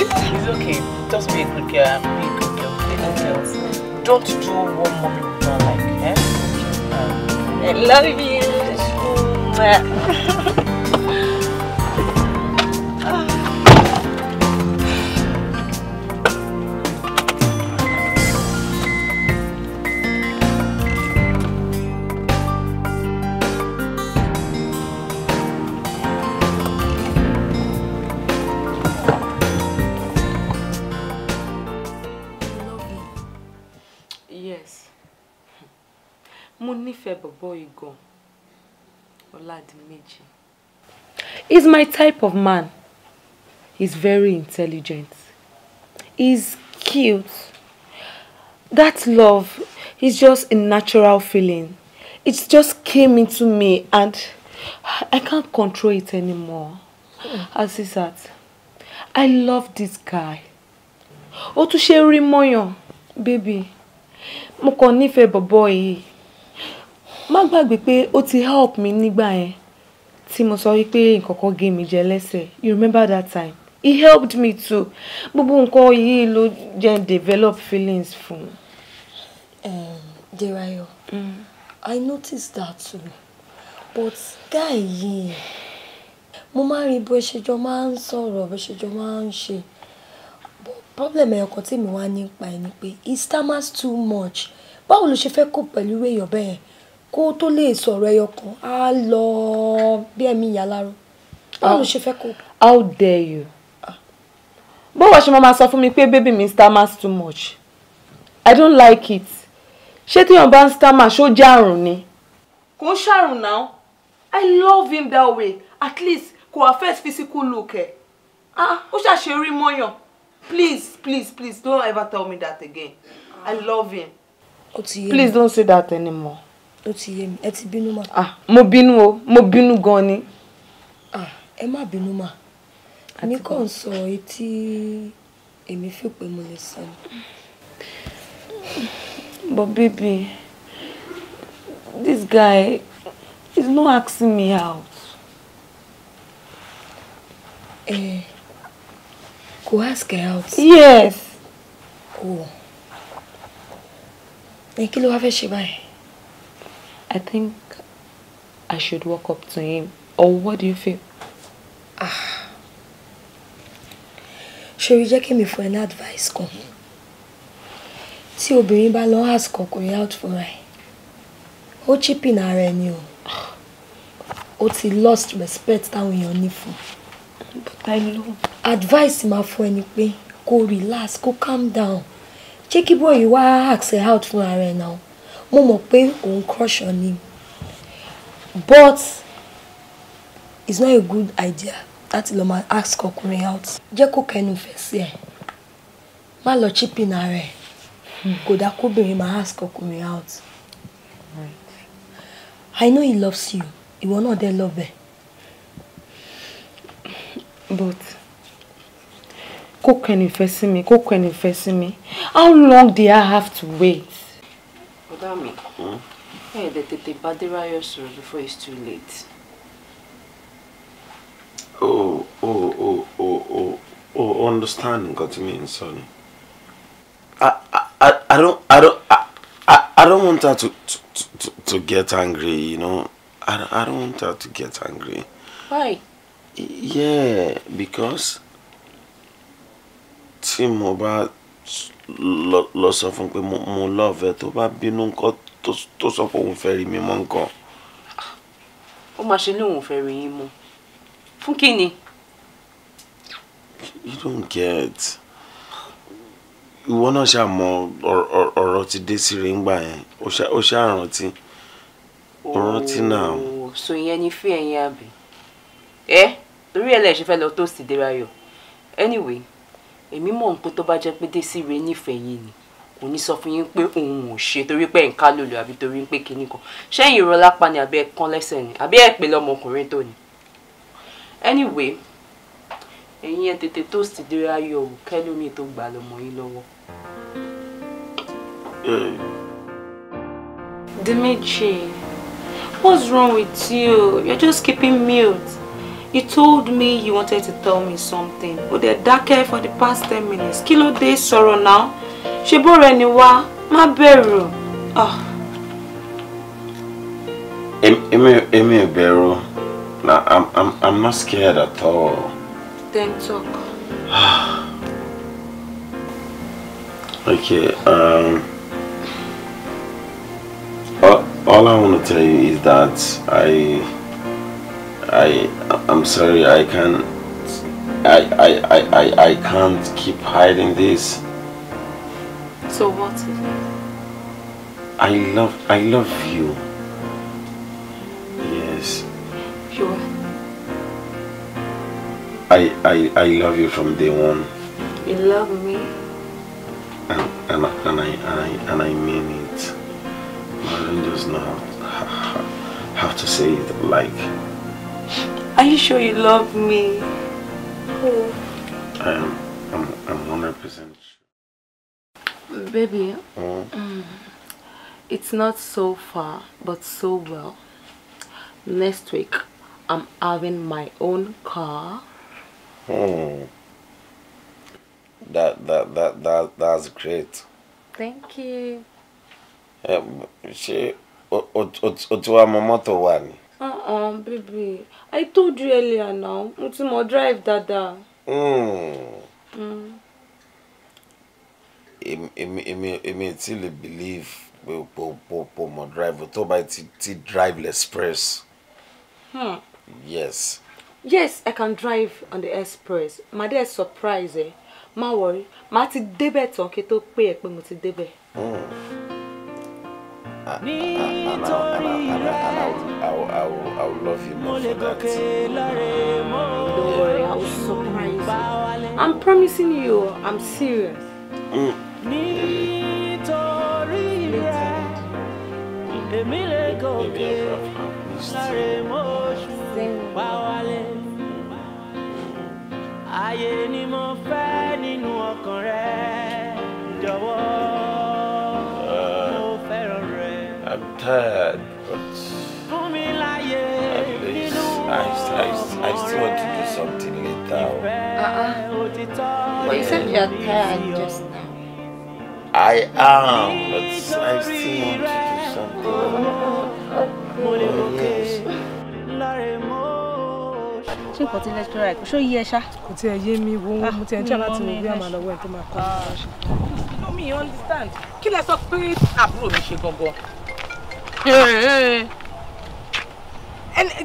it's okay just be a good girl and be a good girl be a girl don't do what mommy don't like. Eh? Um, I love you. mo nífẹ̀ẹ́ bọ̀bọ̀ igan ọ̀làdìmẹ́jì. he's my type of man he's very intelligent he's cute that love is just a natural feeling it just came into me and I can't control it anymore mm. as is that I love this guy O tún ṣe rí mọ́yàn bébì mo kàn nífẹ̀ẹ́ bọ̀bọ̀ yìí má gbàgbé pé ó ti help mi nígbà yẹn tí mo sọ wípé nǹkan kan gé mi jẹ lẹ́sẹ̀ you remember that time he helped me too gbogbo nǹkan yìí ló jẹ́ develop feelings fún mi. Um, Derayo, mm. I noticed that too but guy yìí mo máa ń rí bó ṣe jọ máa ń sọ̀rọ̀ bó ṣe jọ máa ń ṣe problem ẹ̀yọ̀kan tí mi wá nípa ẹ̀ ni pé he stammers too much báwo ló ṣe fẹ́ kó pẹ̀lú èèyàn bẹ́ẹ̀ yẹn kó tó lè sọ̀rọ̀ ẹyọ kan á lọ bí ẹ̀mí ìyá láró báwo ah, ṣe fẹ́ kó. how dare you ah. bó wọ́n ṣe máa sọ fún mi pé baby mi stammers too much i don't like it ṣé téèyàn bá ń stammer ṣó jẹ́ àrùn ni. kò ń ṣàrùn náà i love him that way at least kò first physical look ẹ̀ ah, ó ṣàṣe rí mọ́yàn please please please don't ever tell me that again i love him. Please don't say that anymore ó ti yé mi ẹ ti bínú mà. ah mo bínú o mo bínú gan ni. ah ẹ má bínú mà mi kàn ń sọ èyí tí èmi fi pé mo lè sọ. but baby this guy is not asking me out. Eh, go ask her out. yes. oh ẹ kí ló wá fẹ́ ṣe báyìí. I think I should walk up to him. Or what do you feel? Ah. Ṣé o jẹ́ kí mi fún ẹ ní advice kan? Tí obìnrin bá lọ ask ọkùnrin out for ẹ̀, ó chipping ara ẹ ni o. lost respect táwọn èèyàn ní fún. But I know Advice máa fún ẹ ni pé relax, Go calm down. Jẹ́ kí bóyá wá ask ẹ out for ara right now mo mọ̀ pé òun crush on him but it's not a good idea láti lọ máa ask ọkùnrin out jẹ́ kó kẹnu fẹ́ sí ẹ̀ má lọ chipping ara ẹ̀ hmm. kò dá kóbìnrin máa ask ọkùnrin out I know he loves you ìwọ náà dé love ẹ̀ but kó kẹnu fẹ́ sí mi kó kẹnu fẹ́ sí mi how long do I have to wait. Ọ̀gá mi, ẹ̀ dẹ̀ tètè bá Dérayọ̀ sọ̀rọ̀ before it's too late. Oh, oh, oh, oh, oh, oh, understand got me mi ń I, I, I, I don't, I don't, I, I, I don't want her to, to, to, to get angry, you know. I, I don't want her to get angry. Why? Yeah, because tí mo lọ sọ fún pé mo love ẹ tó bá bínú nǹkan tó sọ pé òun fẹ́ rí mi mọ́ nǹkan. ó máa ṣe lóun fẹ́ rí yín mọ́ fún kí ni. you don't get ìwọ náà ṣàmọ ọ̀rọ̀ ti dé sí rẹ ńgbà yẹn ó ṣàrántí ó rántí náà. so ìyẹn ni fí ẹ̀yin àbí ẹ torí ẹ lẹ ṣe fẹ́ lọ tó sì dérayọ anyway èmi mọ̀ pé tó bá jẹ́ pé Désìrè nífẹ̀ẹ́ yín ni kò ní sọ fún yín pé òun ò ṣe torí pé nǹkan lòlò àbí torí pé kinní kan ṣẹ́yìn ìrọ̀lá pa ni àbí ẹ̀kan lẹ́sẹ̀ ni àbí ẹ̀ pè tó ni. anyway ẹ̀yin ẹ̀ tètè toast dèrè ayọ̀ òwò kẹ́lómi tó gbà lọ́mọ yín lọ́wọ́. Dimitri, what's wrong with you? You're just keeping mute. You told me you wanted to tell me something. Ó dark dákẹ́ for the past ten minutes. Kilo day sorrow now. She bore any ni My Má bẹ̀rù. Èmi ah. èmi bẹ̀rù. Nah, I'm, I'm, I'm not scared at all. Then talk. okay, um... All, all I want to tell you is that I... I I'm sorry I can't I, I, I, I, can't keep hiding this. So what is it? I love I love you. Yes. Pure. I, I I love you from day one. You love me? And and, and I and I and I mean it. Marion does not have to say it like are you sure you love me? Oh. I am. I'm, I'm 100% sure. Baby, mm, it's not so far, but so well. Next week, I'm having my own car. Oh. That, that, that, that, that's great. Thank you. Um, she, o, o, o, o, o, o, o, o, Uh-uh, baby. I told you earlier now. Mo ti mọ drive dáadáa. Hmm. Hmm. Èmi èmi èmi ti lè believe pé po po po mọ drive We talk about ti ti drive express. Hmm. Yes. Yes, I can drive on the express. My dé surprise Eh? Má worry. My, ti débẹ̀ tán kí tó pé ẹ pé mo ti débẹ̀. Mm. I, I, I, I will love you more for that. Don't worry, I will surprise you. I'm promising you, I'm serious. Mm. ayé ni tired, but at least I, I, I still want to do something later. Uh-uh. But you said you're tired just now. I am, but I still want to do something. Oh, yes. ṣé nǹkan tí lẹ́tírọ̀ ẹ̀kọ́ ṣó yẹ ṣá. kò tí ẹ yé mi wo ah, mo ti ẹ jẹ́ láti wọ bí àmà lọ́wọ́ ẹ tó máa kọ́ mi. Ah. mi understand kí lẹ sọ pé àbúrò mi ṣe gangan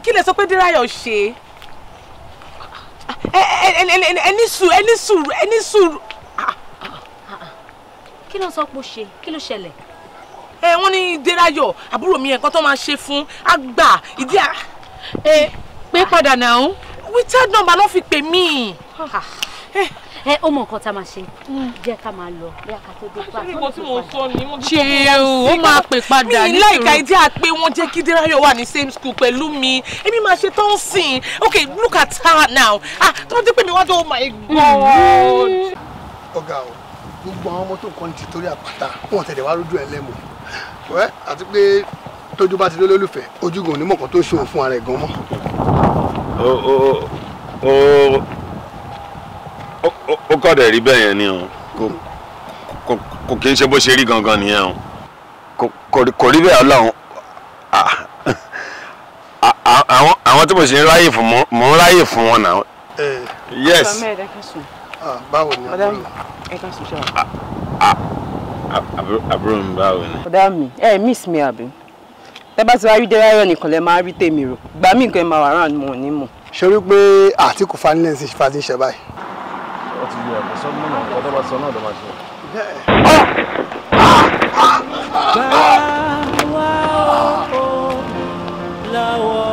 kí lẹ sọ pé Dérayọ̀ ṣe ẹni sùúrù ẹni sùúrù ẹni sùúrù. kí ló ń sọ pé ó ṣe kí ló ṣẹlẹ̀. ẹ wọ́n ní Dérayọ̀ àbúrò mi nǹkan tó máa ṣe fún àgbà ìdí à. ẹ pé padà náà. wítẹ́ẹ̀dì nọ́mbà ló fi pè mí ẹ ó mọ nǹkan tá a máa ṣe mm. jẹ́ ká máa lọ bí akató dé pa. ṣe o ó máa pè padà ní ìṣòro. mi láìka ìdí àpé wọ́n jẹ́ kí Dérayọ̀ wà ní same school pẹ̀lú mi èmi máa ṣe tán sìn ok look at her now ah tó ti pè mí wá tó oh my god. Mm-hmm. ọ̀gá o gbogbo àwọn ọmọ tó ń kọ́ni ti torí àpáta wọn tẹ̀lé wá lójú ẹ̀ lẹ́mu wẹ́ àti pé tójú bá ti lé lólùfẹ́ ojúgun onímọ̀kan tó ń ṣòwò fún ara ẹ̀ gan mọ́. Oh, oh, oh, ó kọ̀dẹ̀ rí bẹ́ẹ̀ yẹn ni o kò kì í ṣe bó ṣe rí gangan nìyẹn o kò rí bẹ́ẹ̀ ọlọ́run àwọn tí mo ṣe ń ráyè fún mo ń ráyè fún wọn náà. yes. báwo ni àbúrò àbúrò mi báwo ni. ọ̀dà mi ẹ miss mi àbí tẹ bá ti wá rí dẹ́ráyọ̀ nìkan lẹ máa rí tèmi rò gbà mí nǹkan ẹ máa wà round mo ò ní mọ̀. ṣe wípé àtìkù fanilẹ́ǹsì fati ń ṣe báyìí ó ti yẹ ẹ̀kọ́ sọ́mọ́ náà ọ̀gá bá sọ náà ló máa ṣe. báwa ó láwọ̀.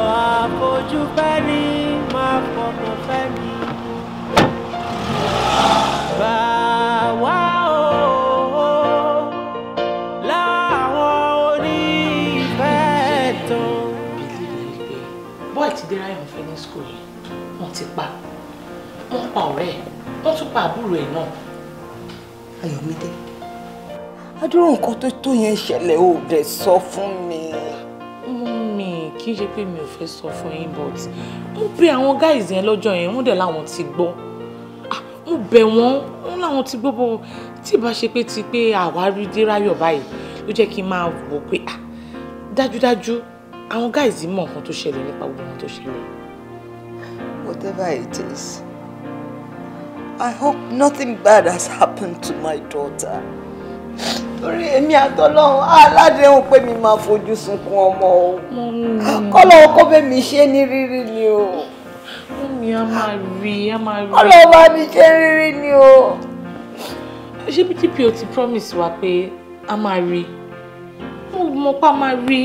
nípa àbúrò ẹ̀ náà. Ayọ̀mídé adúrò nǹkan tó tó yẹn ṣẹlẹ̀ ò dẹ̀ sọ fún mi. mi kì í ṣe pé mi ò fẹ́ sọ fún yín but mo bẹ àwọn guys yẹn lọ́jọ́ yẹn wọ́n dẹ̀ láwọn ti gbọ́ ah, mo bẹ̀ wọ́n wọ́n láwọn ti gbọ́ bọ́ tí ìbá ṣe pé ti pé àwárí déráyọ̀ báyìí ló jẹ́ kí n máa wò pé ah, dájúdájú àwọn guys mọ̀ nǹkan tó ṣẹlẹ̀ nípa gbogbo nǹkan tó ṣẹlẹ̀. whatever it is. I hope nothing bad has happened to my daughter. Torí èmi àtọ́lọ́run aládéhùn pé mi máa fojú sunkún ọmọ o. Kọ́lọ́wọ́ kó bẹ́ mi ṣe ní rírí ni o. Mọ́mí a máa rí a máa rí. Kọ́lọ́wọ́ bá mi ṣe rírí ni o. Ṣé BTP ò ti promise wa pé a máa rí? Mo mọ̀ pé a máa rí.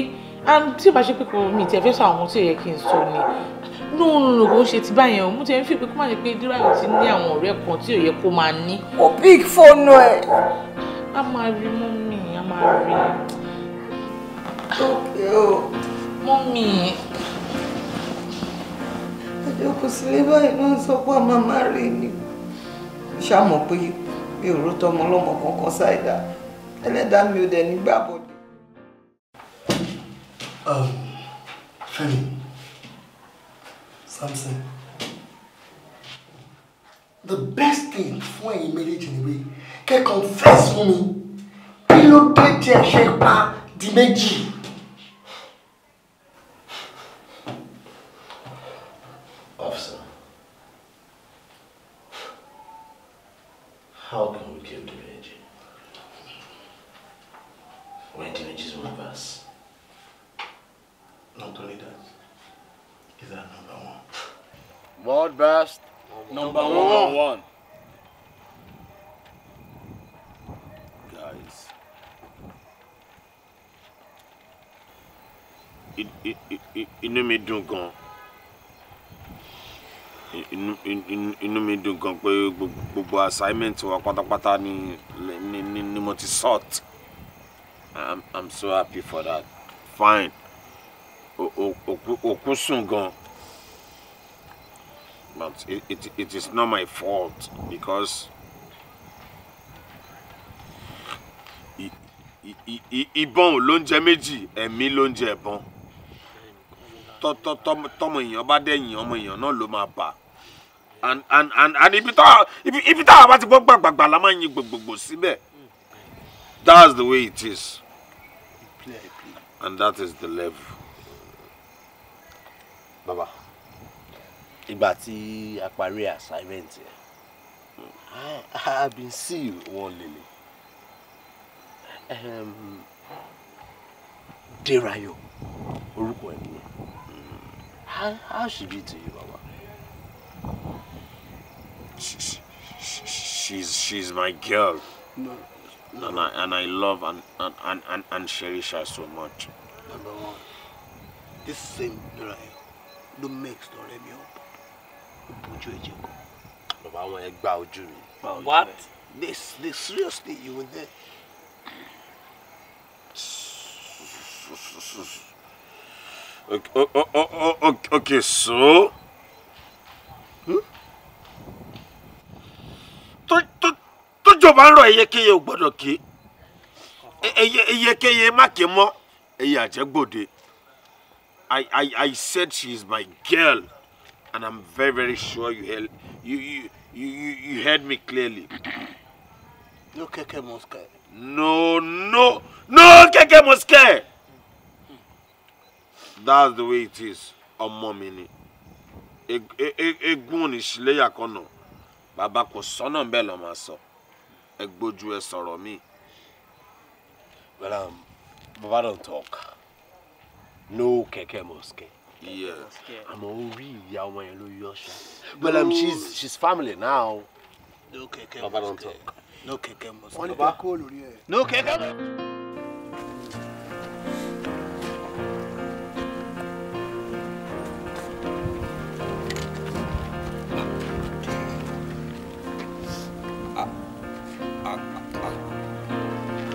Tí ò bá ṣe pé kò mí ìtẹ́fẹ́ sọ àwọn tí ò yẹ kí n sọ ni no no no kò ṣe ti báyẹn o mo ti ń fi pé kó má ṣe pé díráyò ti ní àwọn ọ̀rẹ́ kan tí ò yẹ kó máa ní. kò pick fóònù ẹ. a máa rí mọ́mì a máa rí. mọ́mì. ẹjọ́ kò sí lé báyìí náà sọ pé àmà máa rí ni. ṣàmọ̀ pé mi ò rótọ́ ọmọ ọlọ́mọ kankan ṣáìdá ẹlẹ́dàá mi ò dẹ̀ nígbàbọ̀dẹ̀. Um, Fẹ́mi. Samson. The best thing fún ẹ̀yin méjèèjì ni wí kẹ́ confess fún mi kí ló dé tí ẹ ṣe Officer, how can we keep the méjì when the méjì is of us? Not only that. Is that number one? World best. Number, number one. one. Guys. Inú mi dùn gan. Inú mi dùn gan pé gbogbo assignment wa pátápátá ni ni ni mo ti sort. I'm I'm so happy for that. Fine òkú sùn gan but it, it, it is not my fault because ìbọn ò ló ń jẹ méjì ẹ̀mí ló ń jẹ ẹ̀bọn tọmọ èèyàn bá dẹ̀yìn ọmọ èèyàn náà ló máa bà and and and and ibi tá ibi tá a bá ti gbọ́ gbàgbàgbà la máa ń yin gbogbogbò síbẹ̀ that's the way it is and that is the level bàbá ìgbà tí a parí assignment yẹn i have been seeing one lily um, Derayo orúkọ ẹ̀ nìyẹn how how she be to you bàbá. she's she's my girl. No. No. And I and I love and and and and cherish her so much. Number one, this same Derayo ló mẹ́ẹ̀kì tọrẹ mi ọ̀ ó ẹ̀jẹ̀ kan. bàbá wọn ẹ gba ojú mi. what they they seriously you were there. okay, oh, okay so. Hmm? tó tó tójọba ń rọ ẹyẹkẹyẹ ò gbọ́dọ̀ kí ẹyẹkẹyẹ má kí mọ́ ẹyẹ àjẹgbòde. I, I, I said she is my girl. And I'm very, very sure you heard, you, you, you, you, heard me clearly. No keke moske. No, no, no keke moske! That's the way it is. Ọmọ mi ni. E, e, e, egun ni ṣíléyà kan náà. Bàbá kò sọ́nà bẹ́ẹ̀ lọ́ máa sọ. Ẹ gbójú ẹ sọ̀rọ̀ mi. Well, um, Baba don't talk no kẹ̀kẹ́ mosque. Yeah. Àmọ́ orí ìyá ọmọ yẹn Well, um, she's she's family now. No kẹ̀kẹ́ mosque. No kẹ̀kẹ́ mosque. No kẹ̀kẹ́ mosque.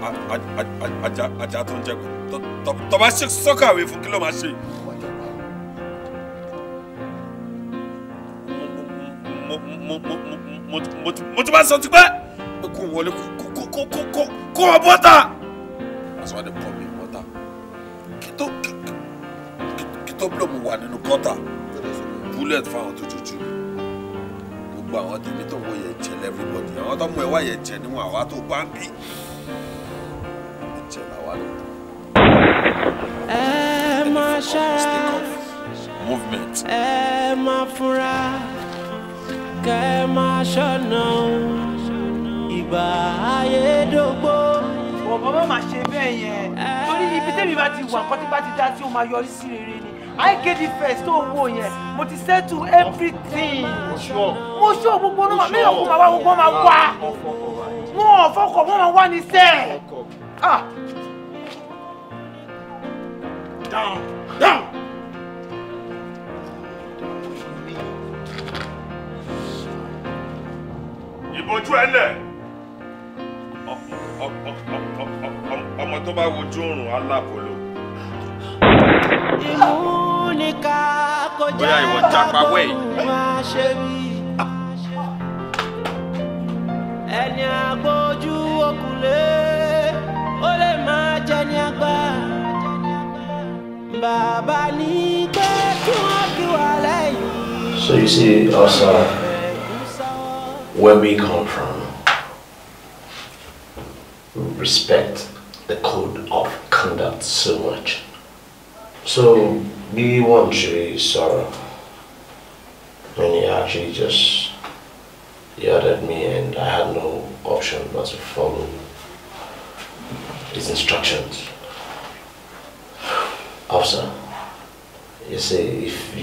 ajá tó ń jẹ tó bá sọ́kàwé fún kí ló máa ṣe. mo ti bá sọ ti pẹ́ kó wọlé kó wọ bọ́tà. that's why they call me water kító kító bílọ̀mù wà nínú gọ́tà bullet fáwọn tó tutù gbogbo àwọn tèmi tó wọ yẹn jẹ lẹ́fúrúbọ̀dì àwọn tó mú ẹ wá yẹn jẹ níwọ̀n àwa tó bá ń bí movement. ẹ má fura kẹ má ṣọ̀nà ìgbà ayédògbò. bọ̀bọ̀ bá máa ṣe bẹ́ẹ̀ yẹn torí ibi tẹ́mi bá ti wà kọ́tí bá ti dá tí ó máa yọrí sí rere ni igd first don't worry. But he said to everything mo ṣó gbogbo náà mi ò kó máa wá gbogbo máa wá wọn ò fọkọ wọn máa wá ní sẹ́ẹ̀ down, down. ìbojú ẹ lẹ ọmọ tó bá wojú oòrùn alábòlò. ìlú ni ká kọjá àbọ̀rùn máa ṣe rí. ẹni àgbójú òkùnlé. So you see also where we come from. Respect the code of conduct so much. So we want to be sorrow. when he actually just yelled at me and I had no option but to follow his instructions officer, you say if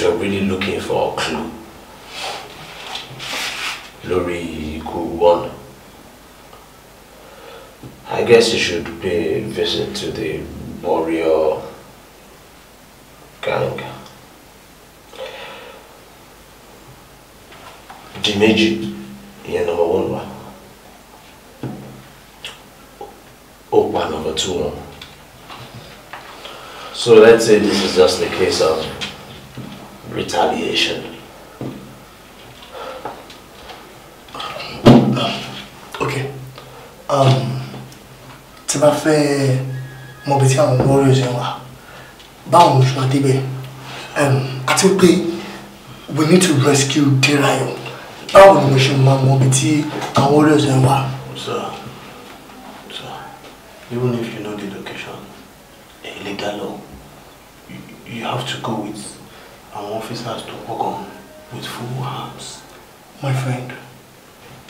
you're really looking for a clue, lórí could one, I guess you should pay a visit to the warrior gang. Di méjì, number one wa. number two So let's say this is just a case of retaliation. Okay. Um, tí bá fẹ́ mọ bí tí àwọn warriors yẹn wà, báwọn oṣù àdébẹ̀, àti um, pé we need to rescue Derayo. Báwo ni mo ṣe máa mọ bí tí àwọn warriors yẹn wà? Sir, sir, even if you know the location, legal law, you, you have to go with our officers to work on with full arms. My friend,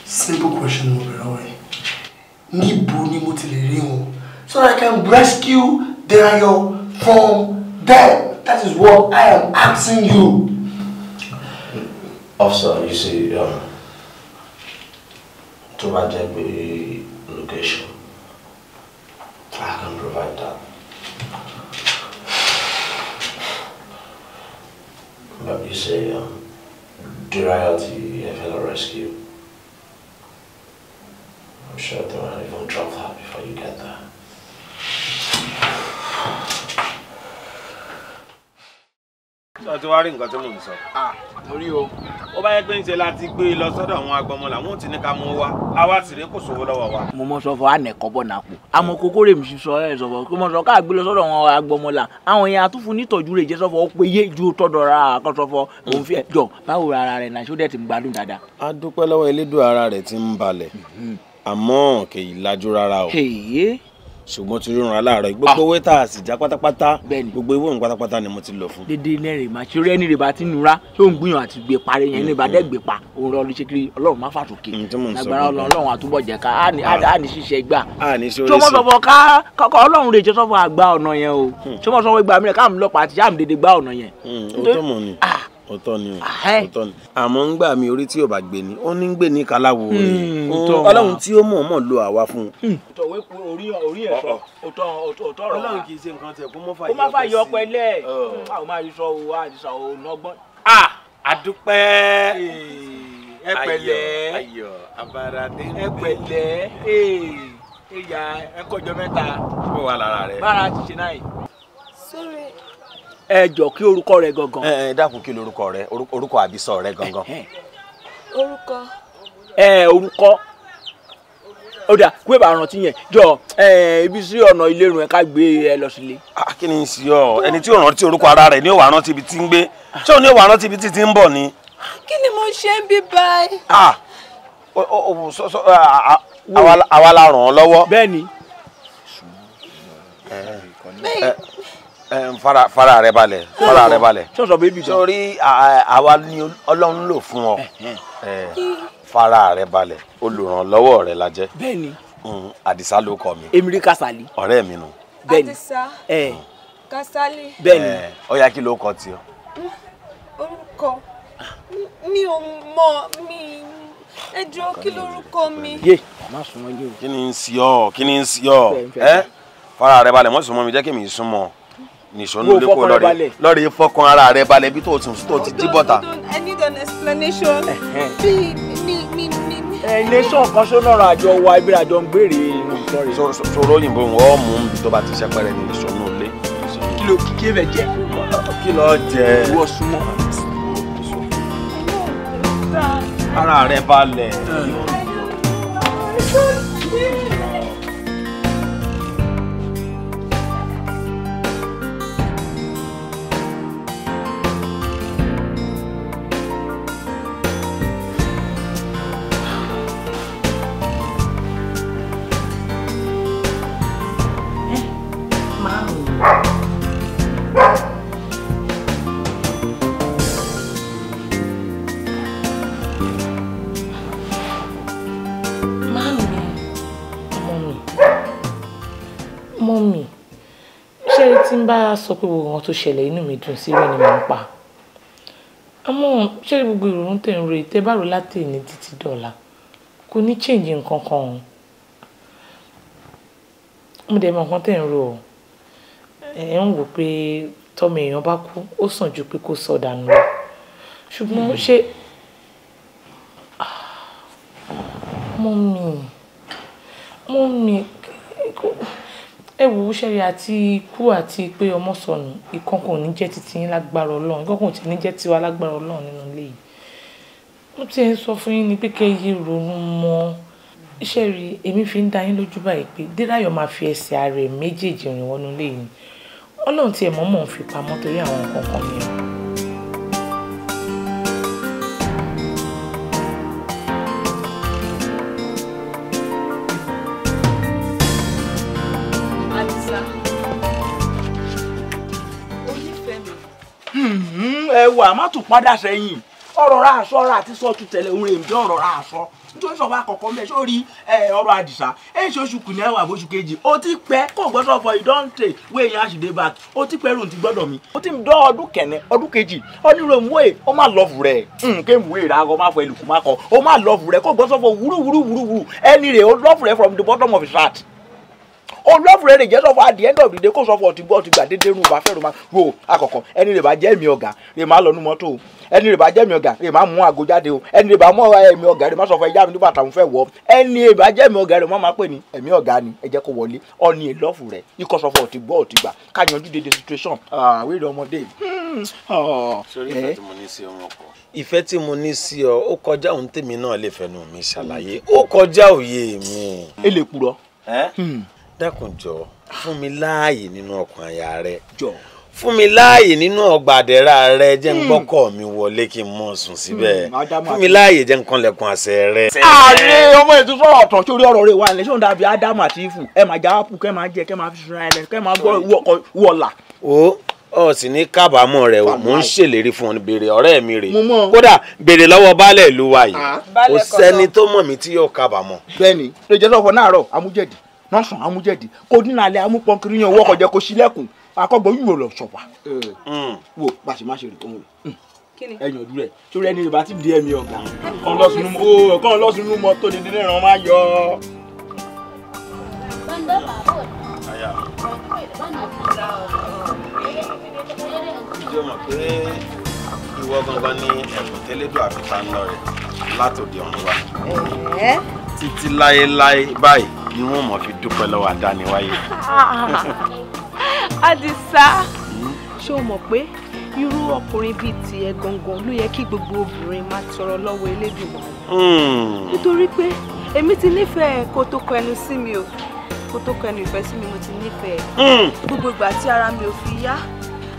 simple question, Mobirori. Níbo ni mo ti lè so I can rescue Derayo from them. That is what I am asking you. Officer, you see, um, tó bá location, I can provide that. But you say, um, have a Rescue. I'm sure they won't even drop that before you get there. sọ ti wá rí nǹkan tí mò ń sọ. torí o. ó bá yẹ pé ń ṣe láti gbé e lọ sọ́dọ̀ àwọn agbọmọ làwọn ò ti ní ká mú wa àwa sì rí kò sówó lọ́wọ́ wa. mo mọ sọ fọ ànẹkọ bọ nàpọ àmọ́ kókó rè mi sọ ẹ sọ fọ kí mo sọ ká gbé lọ sọ́dọ̀ àwọn agbọmọ là àwọn yẹn atúfù nítọ́jú rè jẹ sọfọ ó pé yé ju tọdọ ra àkọsọ fọ òun fi ẹ jọ báwo ara rẹ náà ṣódẹ ti ń gbádùn dáadáa. a dúpẹ́ lọ́wọ́ elédùn ara rẹ̀ ti ń balẹ̀ hmm. àmọ́ kèyí lajú rárá o ṣùgbọ́n tí yóò ràn aláàárọ̀ gbogbo ah. owó tá a sì já pátápátá gbogbo owó òun pátápátá ni mo ti lọ fún. dédé ilé máa ṣe orí ẹni rè bá ti nura tó ń gbìyànjú àti gbé parí yẹn ní ìbàdàn mm-hmm. gbé pa òun rọ ní ṣékiri ọlọ́run má fàtòkè mm, lágbára ọlọ́run àtúbọ̀ jẹ́ ká á ṣiṣẹ́ gbà. tó mọ̀ sọ̀bọ̀ ká ọlọ́run rè jẹ́ sọ́fọ̀ àgbà ọ̀nà yẹn o hmm. hmm, tó mọ̀ sọ̀bọ̀ ọ̀tọ̀ ni ọ̀tọ̀ ni àmọ́ ń gbà mí orí tí ò bá gbé ni ó ní ń gbé ní kaláwo rẹ̀ hmm, ọlọ́run tí ó mọ̀ọ́mọ̀ lo àwa fún un. Hmm. tọ̀wé kun orí orí ẹ̀ sọ ọ̀tọ̀ ọ̀tọ̀ rọ̀ ọlọ́run kì í ṣe nǹkan tẹ̀ kó mọ́ fà yọ pẹ̀lẹ́. kó má fà yọ pẹ̀lẹ́ a ò máa yí sọ òwò àdìsá òun ọgbọ́n. a àdúpẹ́ ẹ pẹ̀lẹ́ ayọ̀ abaradé ẹ pẹ̀lẹ́ ẹ̀yà ẹ̀kọ́jọ mẹ́ta. bó wà lára rẹ. bára ti ṣe náà yìí. sórí ẹ jọ kí orúkọ rẹ gangan. ẹ ẹ dákun kí lorúkọ rẹ orúkọ àbísọ rẹ gangan. orúkọ. ẹ orúkọ ó dà kúwé bá rántí yẹn jọ ibi sí ọ̀nà ilérun ẹ̀ ká gbé ẹ lọ sílé. kí ni sí ọ ẹni tí ò rántí orúkọ ara rẹ ni ó wà rántí ibi tí ń gbé ṣé ò ní ó wà rántí ibi tí ti ń bọ̀ ni. kí ni mo ṣe ń bí báyìí. àwa la ràn ọ́ lọ́wọ́. bẹ́ẹ̀ ni fara fara rẹ balẹ̀ fara rẹ balẹ̀ sórí àwa ni ọlọ́run lò fún ọ fara rẹ balẹ̀ olùrànlọ́wọ́ rẹ la Adisa bẹ́ẹ̀ni mm, ló kọ mi emiri kasali ọ̀rẹ́ mi nù bẹ́ẹ̀ni mm. kasali bẹ́ẹ̀ni ọ̀ya kí ló kọ tiọ. orúkọ mi ò mọ mi ẹ jọ kí lórúkọ mi. yé má súnmọ́ yé o. kí ni ń sí ọ kí ni ń sí ọ fara rẹ balẹ̀ mọ́ sùnmọ́ mi jẹ́ kí mi sún mọ́ nìṣọ́nú lè kó lọ́ọ̀rẹ́ lọ́ọ̀rẹ́ fọkàn ara rẹ balẹ̀ bí tó sùn tó ti dí bọ́ta. I need an explanation. nation kan ṣó náà àjọ wa ibi àjọ ń gbèrè nǹkan rẹ. sọ̀rọ̀ òyìnbó wọn mú un bí tó bá ti ṣẹpẹrẹ ní nìṣọ́nú lé. kí ló kí ẹ jẹ. kí ló jẹ. ìwọ súnmọ́. ara rẹ balẹ̀. ń bá sọ pé gbogbo wọn tó ṣẹlẹ̀ inú mi dùn sí rẹ̀ ni mò ń pa àmọ́ ṣé gbogbo ìrònú tẹ̀ ń ro ìtẹ́ bá rò láti ní títí dọ̀la kò ní change nǹkan kan o mo dẹ̀ mọ nǹkan tẹ̀ ń ro o ẹ̀ ń wò pé tọ́mọ èèyàn bá kú ó sàn ju pé kó sọ dànù lọ ṣùgbọ́n hmm. ṣé ah, mọ́mì mọ́mì kò ẹ wo ṣẹ́rí àti ikú àti pé ọmọ sọnù ìkan kò ní jẹ́ títí yín lágbára ọlọ́run ìkan kò tí ní jẹ́ tiwa lágbára ọlọ́run nínú ilé yìí mo ti ń sọ fún yín ni pé kẹ́ yé ronú mọ́ iṣẹ́ rí èmi fi ń da yín lójú báyìí pé déráyọ̀ máa fi ẹsẹ̀ ààrẹ méjèèjì rìn wọnú ilé yìí ọlọ́run tiẹ̀ mọ́ mọ́ ń fi pamọ́ torí àwọn nǹkan kan mìíràn. wà má tún padà sẹ́yìn ọ̀rọ̀ ra aṣọ ọ̀rọ̀ àti sọ́ọ̀tù tẹ̀lé òun rè ń bí ọ̀rọ̀ ra aṣọ nítorí sọ̀rọ̀ àkọ́kọ́ mẹ́ sórí ọ̀rọ̀ àdìsá èyí ṣe oṣù kùnìyàn wà bóṣù kejì ó ti pẹ́ kò gbọ́dọ̀ fọ ìdọ́ǹtè wé èèyàn àṣìdé back ó ti pẹ́ ròun ti gbọ́dọ̀ mi ó ti ń dán ọdún kẹ̀nẹ́ ọdún kejì ó ní ròun wé e, ó má lọ́ọ̀fù rẹ̀ nké hmm, mú èrè e àgọ́ má fọ ìlùkù má kọ ó má lọ́ọ̀fù rẹ̀ kò gbọ́dọ̀ fọ wúrúwúrúwúrú ẹni rè ó lọ́ọ̀fù rẹ̀ from the bottom of his heart olóòfùrẹ́ rẹ̀ jẹ́ sọ́fọ́ at the end of the day kó sọ́fọ́ ọtí gbọ́ ọtí gbà dédé rún bá fẹ́ràn máa wo àkọ́kọ́ ẹni rẹ̀ bá jẹ́ mi ọ̀gá rẹ̀ máa lọ́nu mọ́tò o ẹni rẹ̀ bá jẹ́ mi ọ̀gá rẹ̀ máa mú àgọ́ jáde o ẹni rẹ̀ bá mú ẹ̀mí ọ̀gá rẹ̀ máa sọ̀fọ́ ẹja mi nígbà táwọn fẹ́ wọ̀ ẹni rẹ̀ bá jẹ́ mi ọ̀gá rẹ̀ máa pè ní ẹ̀mí ọ̀gá ni ẹ jẹ́ kó wọlé ọ̀ni ìlọ́fù rẹ̀ ikọ̀ sọ̀fọ́ ọtí gbọ́ ọtí gbà káyanjú dédé situation àwérè ọmọdé. sórí ìfẹ́ eh? tí mo ní sí ọmọ ọkọ ìfẹ́ tí mo ní sí ọ ó kọjá òun tèmi náà lè fẹnu mi ṣàlàyé ó kọjá òye mi. ẹ lè purọ́ dákun jọ fún mi láàyè nínú ọkàn àyà rẹ jọ fún mi láàyè nínú ọgbà àdẹ́rà rẹ jẹ́ ń hmm. gbọ́kọ̀ mi wọlé kí n mọ̀ sùn síbẹ̀ hmm, fún mi láàyè jẹ́ ń kanlẹ̀kùn àṣẹ rẹ. ààrẹ ọmọ ètò sọ̀rọ̀ ọ̀tọ̀ tí orí ọ̀rọ̀ rẹ wà nílẹ̀ ṣé òun dàbí ádámù àti ìfù ẹ máa já ápù kẹ́ máa jẹ kẹ́ máa fi sunra ẹ lẹ́nu kẹ́ máa gbọ́ wọ̀là. o ọ sì ní kábàámọ̀ rẹ o mò ń ṣèlérí fún ọ béèrè ọ̀rẹ́ mi rè kódà béèrè lọ́wọ́ baálẹ̀ ìlú wa yìí ah. kò sẹ́ni tó mọ̀ mí tí yóò kábàámọ̀. bẹ́ẹ̀ni lè nọ́ọ̀sùn amújẹ̀dì kò dín náà alẹ́ amúpọ̀nkiri yan owó ọkọ̀jẹ́ kò sílẹ̀kùn akọ́gbọ̀ yúwo lọ sọ̀pà. Mm. wo bá a ṣe má ṣe rè kóhùn mm. rè ẹ̀yìn ọdún rẹ̀ torí ẹni ìbá ti di ẹ̀mí ọ̀gá kàn lọ́sùn inú mọ́tò ní dídé ìran máa yọ. Thank you ìwọ gangan ní ẹ̀bùn tẹ́lẹ́dọ̀ àfipá ńlọ rẹ̀ látòdì ọ̀run wa. títí láéláé báyìí ni wọ́n mọ̀ fi dúpẹ́ lọ́wọ́ àdániwáyé. Àdìsá ṣé o mọ̀ pé irú ọkùnrin bíi tiẹ̀ gangan ló yẹ kí gbogbo obìnrin máa tọrọ lọ́wọ́ Elédùmarè. Hmm. nítorí pé èmi ti nífẹ̀ẹ́ kó tó kọ ẹnu sí mi o kó tó kọ ìfẹ́ sí mi mo ti nífẹ̀ẹ́ hmm. gbogbo ìgbà tí ara mi ò fi yá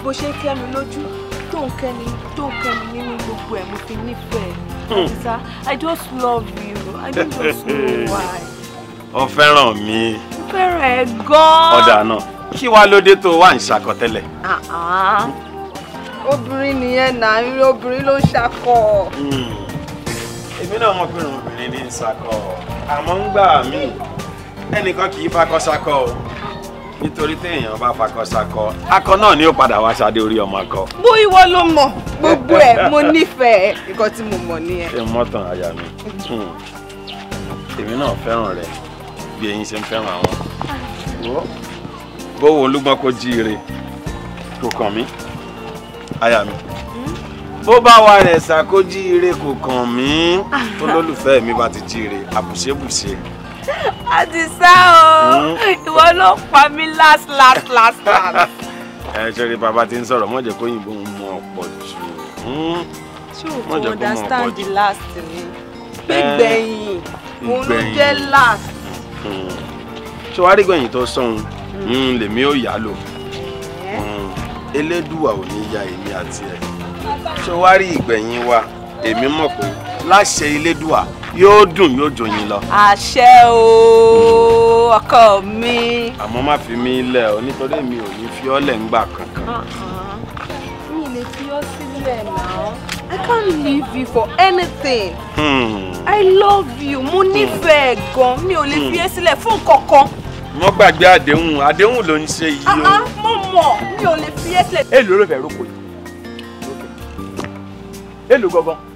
bó ṣe kẹ́nu lójú tó ń nínú gbogbo ẹ̀ mo fi nífẹ̀ẹ́ àdìsá hmm. i just love you i don't just know why. o fẹ́ràn mi. o fẹ́ràn ẹ gan-an. ọ̀dà náà kí wàá lóde tó wà ń ṣakọ tẹ́lẹ̀. obìnrin nìyẹn náà obìnrin ló ń ṣakọ. Hmm. èmi náà ọmọkùnrin obìnrin ní ń ṣakọ àmọ́ ń gbà mí ẹnìkan kì í fakọ ṣakọ o nítorí téèyàn bá fakọsakọ akọ náà ni ó padà wá ṣadé orí ọmọ akọ. bó ìwọ ló mọ gbogbo ẹ mo nífẹ̀ẹ́ nǹkan tí mo mọ̀ nìyẹn. ṣé mọ́tàn àyà mi hmm. èmi náà fẹ́ràn rẹ bí ẹ̀yin ṣe ń fẹ́ràn àwọn. bówó olúgbọ́n kò jíire kò kàn mí àyà mi bó bá wa rẹ̀ ṣàkójíire kò kàn mí tó ah. lólùfẹ́ mi bá ti jíire àbùṣebùṣe àdìsá o hmm. ìwọ ló pa mí last last last last. ẹ ṣe rí bàbá tí ń sọ̀rọ̀ mọ̀jẹ̀ kó yìnbó ń mọ ọ̀pọ̀ jù. tí hmm. o kò understand the last ni pé eh, gbẹ̀yìn òun ló jẹ́ last. Hmm. ṣé wàá rí gbẹ̀yìn tó sọ̀hún lèmi ò yá lò eh? elédùà ò ní ya èmi àti ẹ ṣé wàá rí ìgbẹ̀yìn wa èmi mọ̀ pé láṣẹ elédùà yóò dùn yóò jò yín lọ. àṣẹ o ọkọ mi. àmọ́ má fi mí lẹ̀ o nítorí mi ò ní fi ọ́ lẹ̀ ńgbà kankan. mi lè fi ọ́ sílẹ̀ náà. I can't leave you for anything. Hmm. I love you. Mo hmm. nífẹ̀ẹ́ gan. Mi ò lè fi hmm. ẹ́ sílẹ̀ fún kankan. Mo gbàgbé àdéhùn. Àdéhùn ló ń ṣe yìí o. Ah, ah, mo mọ̀ mi ò lè fi ẹ́ sílẹ̀. Èlò ló fẹ́ roko yìí. Èlò gangan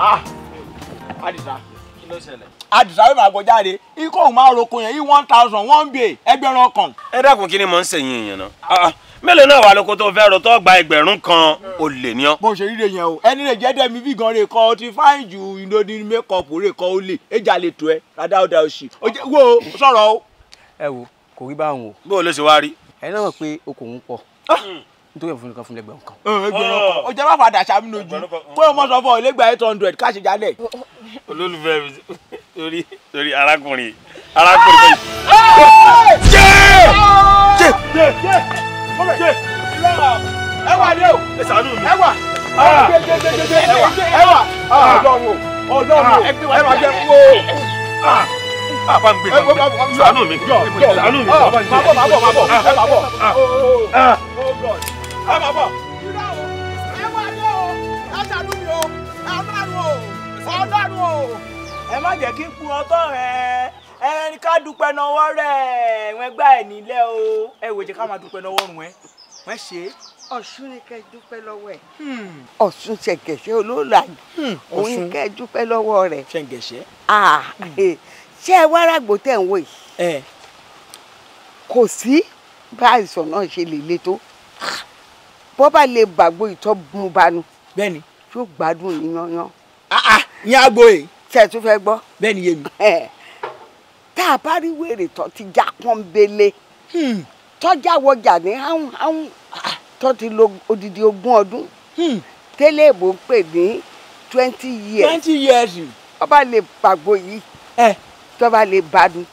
àdìsá ah! kí ló ṣẹlẹ̀. àdìsá yóò máa gbọ́ jáde ikọ̀ òun máa roko yẹn yí one thousand one bay ẹgbẹ̀rún kan. ẹ dákun kí ni mò ń sẹ́yìn èèyàn náà ah, ah, mélòó náà wà lóko tó fẹ́ ro tó gba ẹgbẹ̀rún kan ò lè ní ọ. bó ṣe ríre yẹn o ẹni lè jẹ́dẹ̀ mi bí gan-an rè kọ́ ọ ti fáìn ju ìlódì mẹ́kọ̀ọ̀pù rè kọ́ ó lè éjà lè tó ẹ rádá ó da ó ṣì. wo sọ̀rọ̀ o. ẹ wo kò rí báwọn o. bó o lè ṣe wá rí. ẹ náà mọ̀ pé okòwò pọ̀ nítorí ẹ̀fọn nìkan fún lẹ́gbẹ̀rún kan. ọjọ́ bá padà ṣàmì lójú kó o mọ̀ sọ fún ọ ilé gba eight hundred káṣí jálẹ̀. olólùfẹ́ mi torí torí arákùnrin arákùnrin. jẹ́ jẹ́ jẹ́ jẹ́ ẹ wà ní o ẹ wà ẹ wà ọlọ́run ah. ọlọ́run ẹ wà ah, ah. jẹ́ kú o bá ń gbé sànú mi sànú mi bàbá ń gbé. màbọ̀ màbọ̀ màbọ̀ ẹ màbọ̀ ẹ máa bọ̀. irọ́ o ẹ wá dé o látàlú mi o ọlọ́run o ọlọ́run o. ẹ má jẹ́ kí n kun ọtọ́ rẹ ẹni ká dúpẹ́ náwó rẹ̀ wọ́n gbá ẹ̀ nílẹ̀ o ẹ wò jẹ́ ká máa dúpẹ́ náwó rùn ẹ́ wọ́n ṣe é. ọ̀ṣun ni kẹ́ ẹ dúpẹ́ lọ́wọ́ ẹ̀. Hmm. ọ̀ṣun ṣẹ̀ǹgẹ̀ṣẹ̀ olóòlà hmm, òun ni kẹ́ ẹ dúpẹ́ lọ́wọ́ rẹ̀. ṣẹ̀ǹgẹ̀ṣẹ̀. Hmm. Eh, ṣé ẹ wá ràgbò tẹ̀ ń wò yìí. kò sí bá àìsàn náà ṣe lè le tó bọ́ bá lè gbàgbó ìtọ́ mu banu. bẹ́ẹ̀ni. yóò gbádùn ní yanyan. Ah, ah, ní agbo yìí. tẹ̀ tún fẹ́ gbọ́. bẹ́ẹ̀ni yé mi. tá a bá rí wèrè tó ti já pọ́nbélé hmm. tọ́jà wọjà ní áhùn áhùn tó ti lo odidi ogún ọdún hmm. tẹ́lẹ̀ èbó ń pè ní twenty years. twenty years. ọba lè gbàgbó yìí eh. tọ́ba lè gbádùn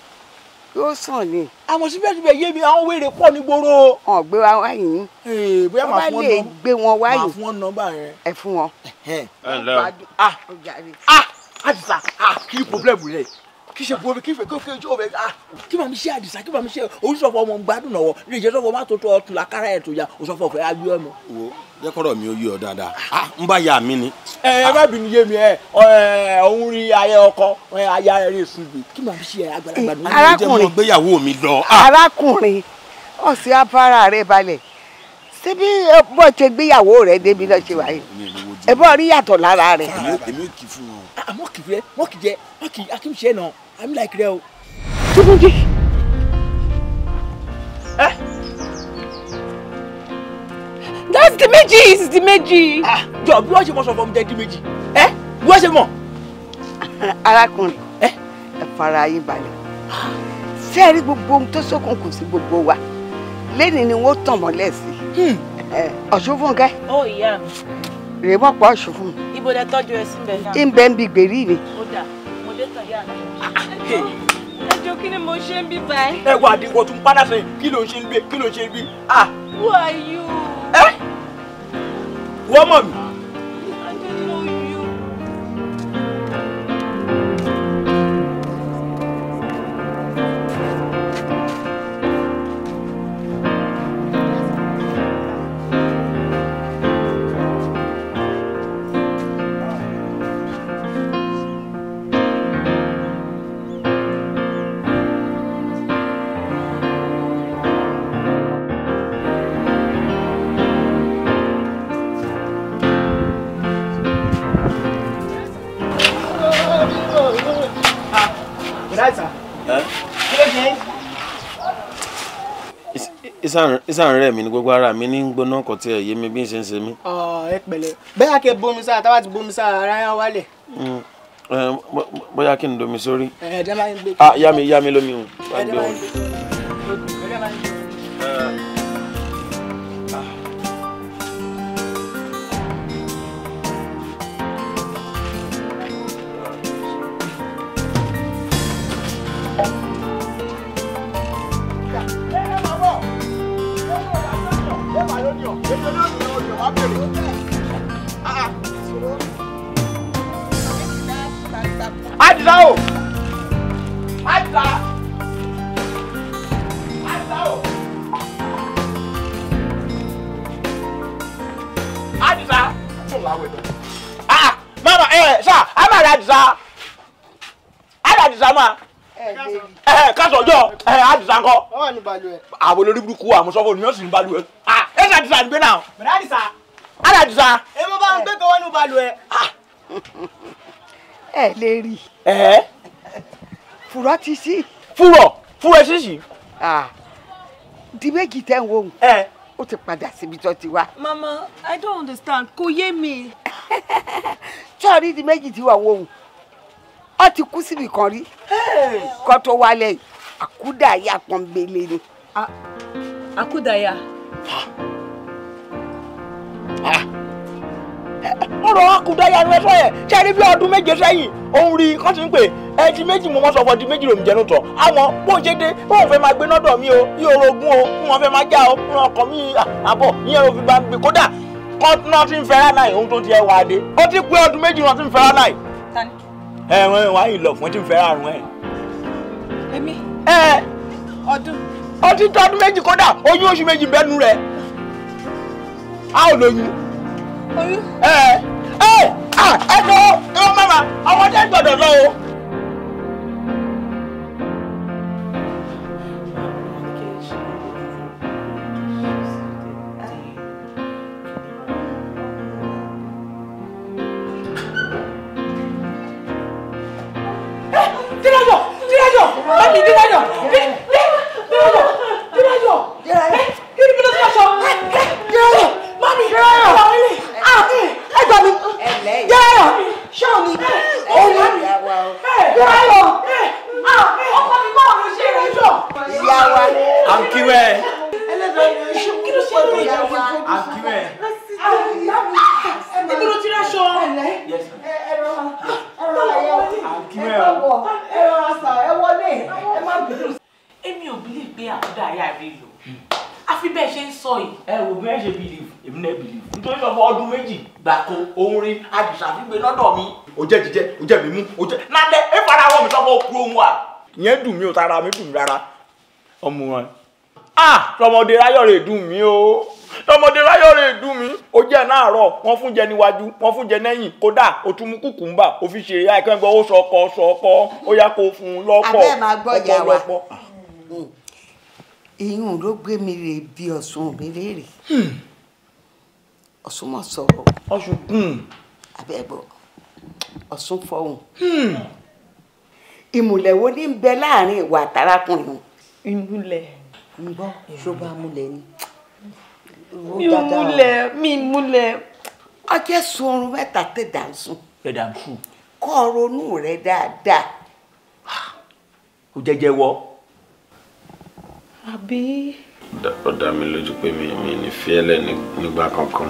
yóò sàn ni. àmọ́ síbẹ̀síbẹ̀ yé mi àwọn wèrè pọ̀ ní gbòòrò. wọn gbé wa wá yìí. ee bóyá màá fún ọ nọ wọn bá lè gbé wọn wá yìí. màá fún ọ nọ́mbà rẹ. ẹ fún wọn. ẹ o. ah ah àdìsá ah kí ni problem rẹ kí ṣe bomi kí fẹ kí fẹ ojú ọbẹ ah kí màmí ṣe àdìsá kí màmí ṣe oríṣiríṣi ọmọ gbádùn náà wọ ní ìjẹsọfọ má tó tọ ọtún lákàrà ẹ tó ya òṣọfọ fẹ agbé ọmọ. wo jẹ́ mi ó ọ dáadáa a ah, ń bá ya ni. ẹ ẹ bá bínú yé mi ẹ ẹ òun rí ayé ọkọ ayé rẹ sùgbì kí màá fi ṣe àgbàlagbà ló ń gbéyàwó mi lọ. Ah. arákùnrin ọ̀sìn afárá rẹ balẹ̀ síbí ṣe gbéyàwó rẹ débi náà ṣe wáyé ẹ bọ́ rí yàtọ̀ lára rẹ. èmi ò kì í fún wọn. àmọ́ ah, kì í fẹ́ kì í jẹ́ kì í that's the méjì it's the méjì. Ah, Job, bí wọ́n ṣe from sọ fún mi jẹ́ di méjì ẹ bí wọ́n ṣe mọ̀. arákùnrin ẹ fara yín balẹ̀ ṣé ẹ rí gbogbo ohun tó ṣókùnkùn sí gbogbo wa lẹ́ni ni wọ́n tàn mọ́lẹ̀ sí hmm. ọ̀ṣunfúnkẹ́. ó ìyá mi. rèé mọ̀ pa ọ̀ṣunfún. ibo lẹ tọ́jú ẹ síbẹ̀ náà. ń bẹ́ ń bi gbèrí ni. ó ẹjọ kí ni mo ṣe ń bí báyìí. ẹ wà dìbò tún pàdà sẹ́yìn kí ló ń ṣe ń gbé kí ló ń ṣe ń gbé. Ah! who are you. ẹ eh? wọ́n mọ̀ mí. isan rẹ mi ni gbogbo ara mi ní gbóná kò tiẹ̀ yé mi bí n ṣe ń ṣe mí. ẹ pẹ̀lẹ́ bẹ́ẹ̀ kẹ́ bomi sára táwa ti bomi sára ara yẹn wálẹ̀. Mm. bóyá kí n domi sórí. Ah, yá mi yá mi lómi o. àwọn olórí burúkú àwọn sọ́fọ̀ ni wọ́n sì ń balùwẹ̀. ẹ ṣe àdìsá àdìgbé náà. bẹ̀rẹ̀ àdìsá. àdìsá. ẹ bá ń gbé kọ́wọ́ nù balùwẹ̀. ẹ lè rí. ẹ. fùrọ̀ ti sí. fúrọ̀ fúrọ̀ ṣíṣì. di méjì tẹ́ ń wo òun. ẹ ó ti padà síbi tó ti wá. mama i don't understand kò yé mi. sọ́ọ̀rí di méjì ti wà wo òun ó ti kú síbi kan rí kó tó wálẹ̀ yìí àkúdà yà pọ́nbélé ni àkúdàyà. ọ̀rọ̀ àkúdàyà ni ẹ sọ yẹn ṣe rí bí ọdún méje sẹ́yìn òun rí kán ti ń pè ẹ ti méjì mo mọ sọ fọ di méjì lòún jẹnu tọ àwọn bó ṣe dé bóun fẹ́ máa gbé nọ́dọ̀ mi o yí orogún o fún wọn fẹ́ máa já o fún ọkọ mi àbọ̀ yíyẹn ló fi gbà ń dia kódà kọ́ńtínà ti ń fẹ́ràn náà ohun tó ti ẹ̀ wá dé ó ti pé ọdún méjì náà ti ń fẹ́ràn náà. tani. ẹ wọn wá ìlọ fún ti ń fẹ́ràn àrùn ẹ. èmi ó ti tó ọdún méjì kódà oyún oṣù méjì bẹ́nu rẹ̀ a ò lóyún. oyún. ẹ ẹ ẹ ẹ jọ ẹ mọ màmá ọmọdé gbọ́dọ̀ lọ ò tara mi dùn rárá ọmọ wọn. a ah, tọmọdé ráyọ̀ rè dùn mí o tọmọdé ráyọ̀ rè dùn mí o jẹ́ náàárọ̀ wọ́n fún jẹ níwájú wọ́n fún jẹ lẹ́yìn kódà o tún mú kùkùmbà o fi ṣe àìkẹ́ gbọ́ ó sọkọ sọkọ ó yá kó fún un lọ́pọ̀ ọpọ lọ́pọ̀. ìyún ló gbé mi rè bí ọ̀sùn mi léèrè hmm. ọ̀sùn mọ̀ sọ̀rọ̀ ọ̀sùn kùn hmm. àbẹ̀bọ̀ ọ̀sùn fọ̀hún. Hmm ìmùlẹ̀ wo ní bẹ láàrin ìwà àtàràkùnrin. ìmùlẹ̀. ń gbọ́ ṣó bá múlẹ̀ ni. mi múlẹ̀ mi múlẹ̀. ọjọ́ sun oorun mẹ́ta tẹ̀ dà ń sùn. tẹ̀ dà ń sùn. kọ́ ọ ronú rẹ dáadáa. kò jẹjẹ wọ. àbí. ó dá mi lójú pé mi mi ní fíẹ́lẹ̀ nígbà kankan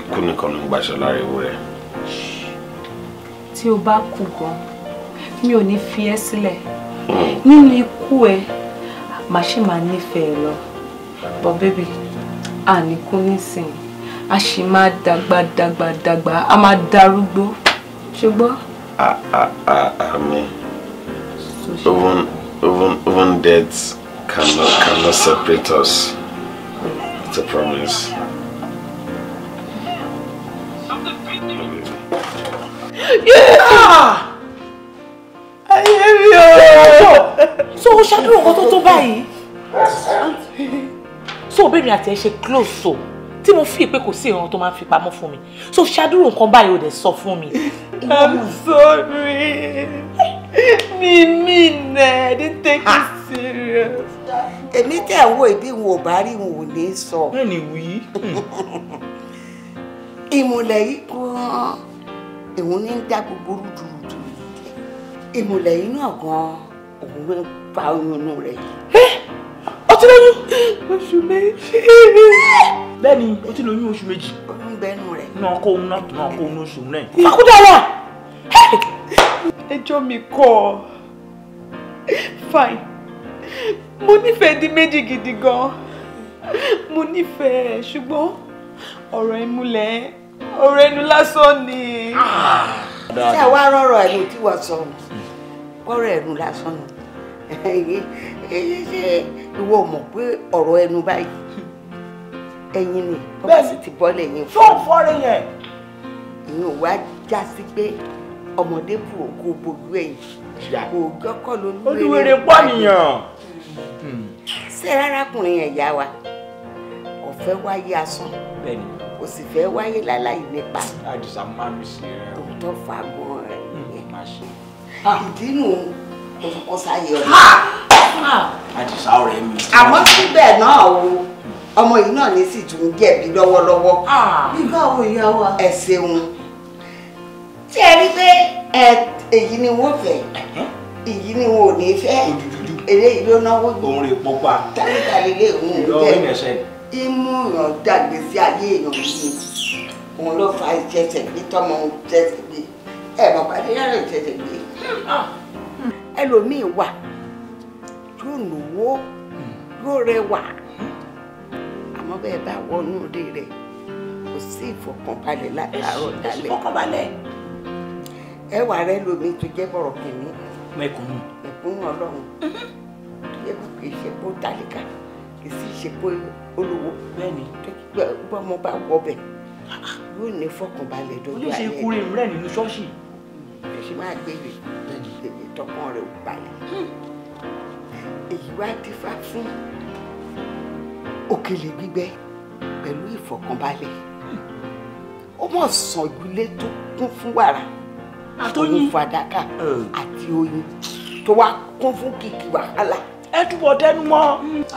ikú nìkan ló ń gbaṣọ lára ewu tí o bá kú gan mi ò ní fi ẹ́ sílẹ̀ hmm. nínú ikú ẹ màá ṣì máa nífẹ̀ẹ́ lọ bọ́ bébì àníkú nísìnyí a sì máa dàgbà dàgbà dàgbà a máa darúgbó ṣùgbọ́n. àmì even even even death cannot cannot separate us it's a promise. Something ayé mi o. so o ṣàdúrà nǹkan tó tó báyìí so bẹ́ẹ̀ni àti ẹ ṣe close so tí mo fi pé kò sí ìran tó máa ń fi pamọ́ fún mi so ṣàdúrà nǹkan báyìí ò dẹ̀ sọ fún mi. i'm sorry mi mi nẹ i didn't take it serious. èmi tẹ̀ ń wo ìbí wọn ò bá rí wọn ò ní sọ. bẹ́ẹ̀ ni wí. ìmùlẹ̀ yìí gan ìhun ní ń dá gbogbo rúdurùdu ìmùlẹ̀ inú ọ̀gán òun ló ń pa oyún inú rẹ̀ yìí. ó ti lóyún oṣù méjì. bẹ́ẹ̀ni ó ti lóyún oṣù méjì. oyún bẹ́ẹ̀nu rẹ̀. náà kó òun náà náà kó òun oṣù náà. fàkúdà wà. ẹjọ́ mi kọ́ ọ fine mo nífẹ̀ẹ́ di méjì gidi gan mo nífẹ̀ẹ́ ṣùgbọ́n ọ̀rọ̀ ìmúlẹ̀ ọ̀rẹ́ inú lásán ni. Ah. ṣé àwa rọrọ ẹnu tí wọ́n sọ ọ̀rọ̀ ẹnu lásán ni ìwọ mọ̀ pé ọ̀rọ̀ ẹnu báyìí ẹyin ni ọba sì ti bọ́ lẹ́yìn fún un. tó fọ́ọ̀rẹ́ yẹn. ìyẹn ò wá já sí pé ọmọdé bù ó kó bojú ẹ̀yìn kò gbọ́kọ̀ lóluwèrè. olúwèrè pọ̀ nìyàn. ṣé arákùnrin yẹn yá wa ọ̀fẹ́ wáyé asán. bẹ́ẹ̀ni kò sì fẹ́ wáyé láláì nípa. àdìsá máa mi sí rẹ. òótọ́ fagbọ́n rẹ hmm, nìyẹn. Ah! Ah! ìdí nù ọ̀sáyé ọ̀rẹ́. àdìsá ọ̀rẹ́ mi. àmọ́ síbẹ̀ náà o ọmọ yìí náà ní sì tún jẹ̀bi lọ́wọ́lọ́wọ́. nígbà ah! wo ìyá wa. ẹ ṣeun tí ẹ rí pé èyí ni wọ́n fẹ́ èyí ni wọn ò ní fẹ́ eléyìí ló náwó. òun rè pọpa. tálítàlí lè mú un bẹ́ẹ̀. ìlọrin ẹsẹ̀ ìmúràn dàgbé sí ayé èèyàn yìí òun ló fa ìjẹsẹ̀ gbé tọmọ òun jẹsẹ̀ gbé ẹ mọ̀ pàdé rẹ̀ jẹsẹ̀ gbé ẹlòmíì wà yóò lówó yóò rẹwà àmọ́ bẹ́ẹ̀ bá wọnú òde rẹ̀ kò sí ìfọkànbalẹ̀ látàárọ̀ dalẹ̀ ìfọkànbalẹ̀ ẹwà rẹ lómi tó jẹ́ bọ̀rọ̀ kìíní mẹ̀kúnnù mẹ̀kúnnù ọlọ́run yẹ kó kì í ṣe kó tálíkà kì í sì ṣe kó olówó bẹ́ẹ̀ni gbọ́ mo bá wọ bẹ̀ yóò ní fọkànbalẹ̀ dọ́jú ayé olóṣèlú kúrè rẹ̀ nínú ṣọ́ọ̀ṣì ẹ̀ ṣe máa gbèrè èdè tọkàn rẹ̀ ò balẹ̀ èyí wá dífá fún òkèlè gbígbẹ pẹ̀lú ìfọkànbalẹ̀ ó mọ̀ sàn ìgbélé tó kún fún wàrà àtòyìn fàdákà àti oyin tó wá kún fún kìkì wàhálà ẹ túbọ̀ tẹnu mọ́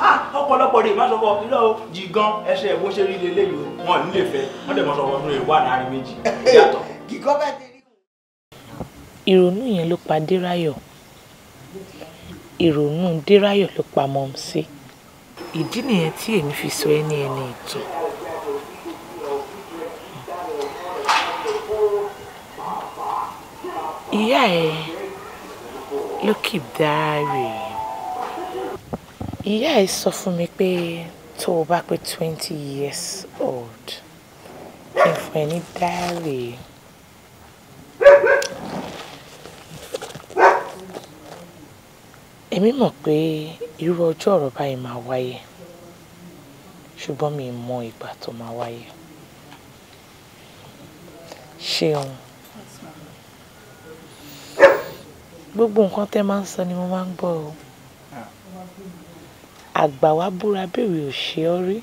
ah, ọ̀pọ̀lọpọ̀ rè má sọ fọ irọ́ o jì gan ẹsẹ̀ bó ṣe rí lélẹ̀ yìí o wọn ò ní lè fẹ́ wọ́n dẹ̀ mọ́ sọ fọ́nú rẹ̀ wà láàrin méjì yàtọ̀. ìrònú yẹn ló pa Dérayọ̀ ìrònú Dérayọ̀ ló pa Mọ́msí ìdí nìyẹn tí èmi fi sọ ẹ́ ní ẹni ìtàn. ìyá ẹ ló kì í dáa ìyá ẹ sọ fún mi pé tó o bá pé twenty years old kí n fún ẹ ní dáàrí. èmi mọ̀ pé irú ọjọ́ ọ̀rọ̀ báyìí máa wáyé ṣùgbọ́n mi mọ ìgbà tó máa wáyé. ṣeun gbogbo nǹkan tẹ́ máa ń sọ ni mo máa ń gbọ́ o. àgbà wa búra béèrè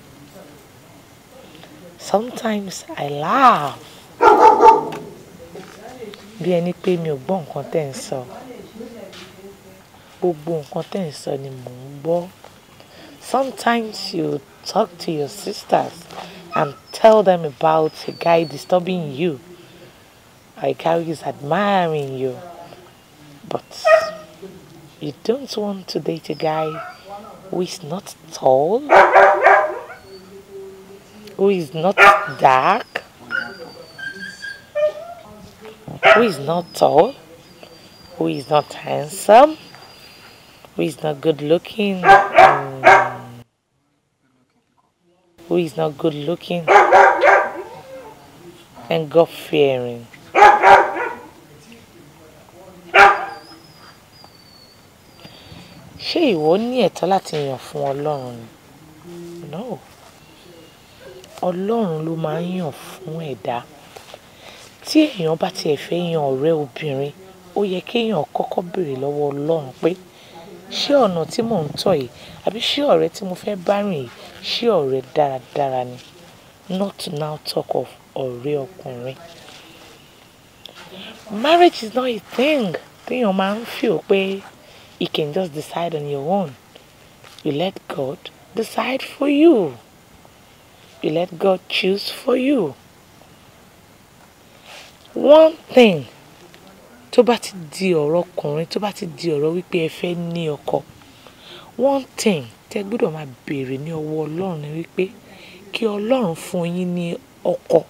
sometimes I laugh bí ẹni pé mi ò gbọ́ nǹkan tẹ́ ń sọ gbogbo nǹkan tẹ́ ń ni mò gbọ́ sometimes you talk to your sisters and tell them about a guy disturbing you or a guy who is admiring you but you don't want to date a guy who is not tall, who is not dark, who is not tall, who is not handsome, who is not good looking, who is not good looking and God fearing. ṣé ìwọ ní ẹ̀tọ́ láti yàn fún Ọlọ́run ni? No. Ọlọ́run ló máa ń yàn fún ẹ̀dá. Tí èèyàn bá tiẹ̀ fẹ́ yan ọ̀rẹ́ obìnrin, ó yẹ kí èèyàn kọ́kọ́ bèrè lọ́wọ́ Ọlọ́run pé ṣé ọ̀nà tí mò ń tọ̀ yìí àbí ṣé ọ̀rẹ́ tí mo fẹ́ bá rìn yìí ṣé ọ̀rẹ́ dáradára ni? Not now talk of ọ̀rẹ́ ọkùnrin. Marriage is not a thing tí èèyàn máa ń feel pé. You can just decide on your own. You let God decide for you. You let God choose for you. One thing to ba ti di ọ̀rọ̀ ọkùnrin to ba ti di ọ̀rọ̀ wípé ẹ fẹ́ ní ọkọ one thing tẹ́ gbọ́dọ̀ máa béèrè ni owo Ọlọ́run ni wípé ki Ọlọ́run fún yín ni oko.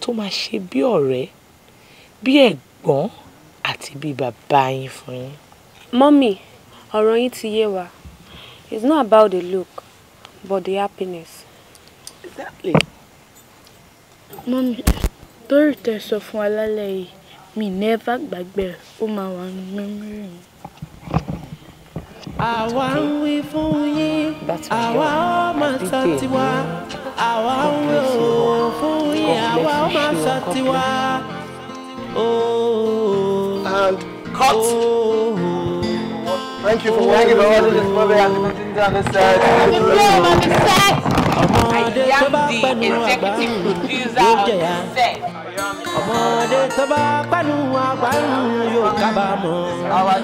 tó máa ṣe bí ọ̀rẹ́ bí ẹ̀gbọ́n ati bi bàbá yín fún yín mọ́mì ọ̀rọ̀ yín ti yé wa it's not about the look but the happiness. exactly. mọ́mì torí tẹ́ sọ fún wa lálẹ́ yìí mi never gbàgbé ó máa wà ní mẹ́mírì mi. àwa ń wí fún yín àwa ọmọ sọ tiwa àwa ń wí òwò fún yín àwa ọmọ sọ tiwa. Oh. and cut. Oh. Thank you for watching. Thank you for watching this movie and continuing on the set. On the film, on the set. I am the executive producer of the set. ọmọdé tó bá pẹ̀lú àpárùn yóò kábàámọ̀ àwa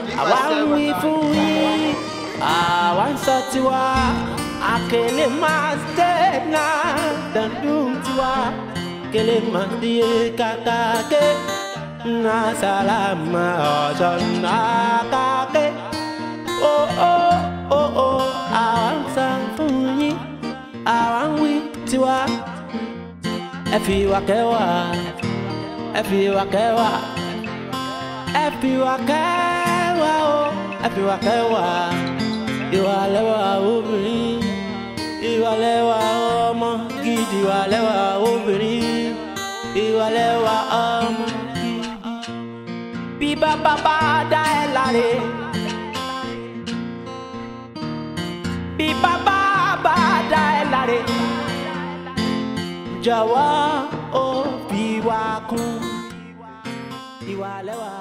ń wí fún wí àwa ń sọ tiwa àkèlè máa dé náà dandun tiwa kèlè máa di kàkàké náà sálámà ọ̀sán náà kàké. Oh oh oh ó àwa ń ta fún yín àwa ń wí tiwa ẹ fi wà kẹwà ẹ fi wà kẹwà ẹ fi wà kẹwà o ẹ fi wà kẹwà ìwà lẹ́wà obìnrin ìwà lẹ́wà ọmọ gidi ìwà lẹ́wà obìnrin ìwà lẹ́wà ọmọ gidi bí bá bá bá dá ẹ láre. bí bàbá bá dá ẹ láre jọ̀wọ́ fi wá kún ìwà lẹ́wà.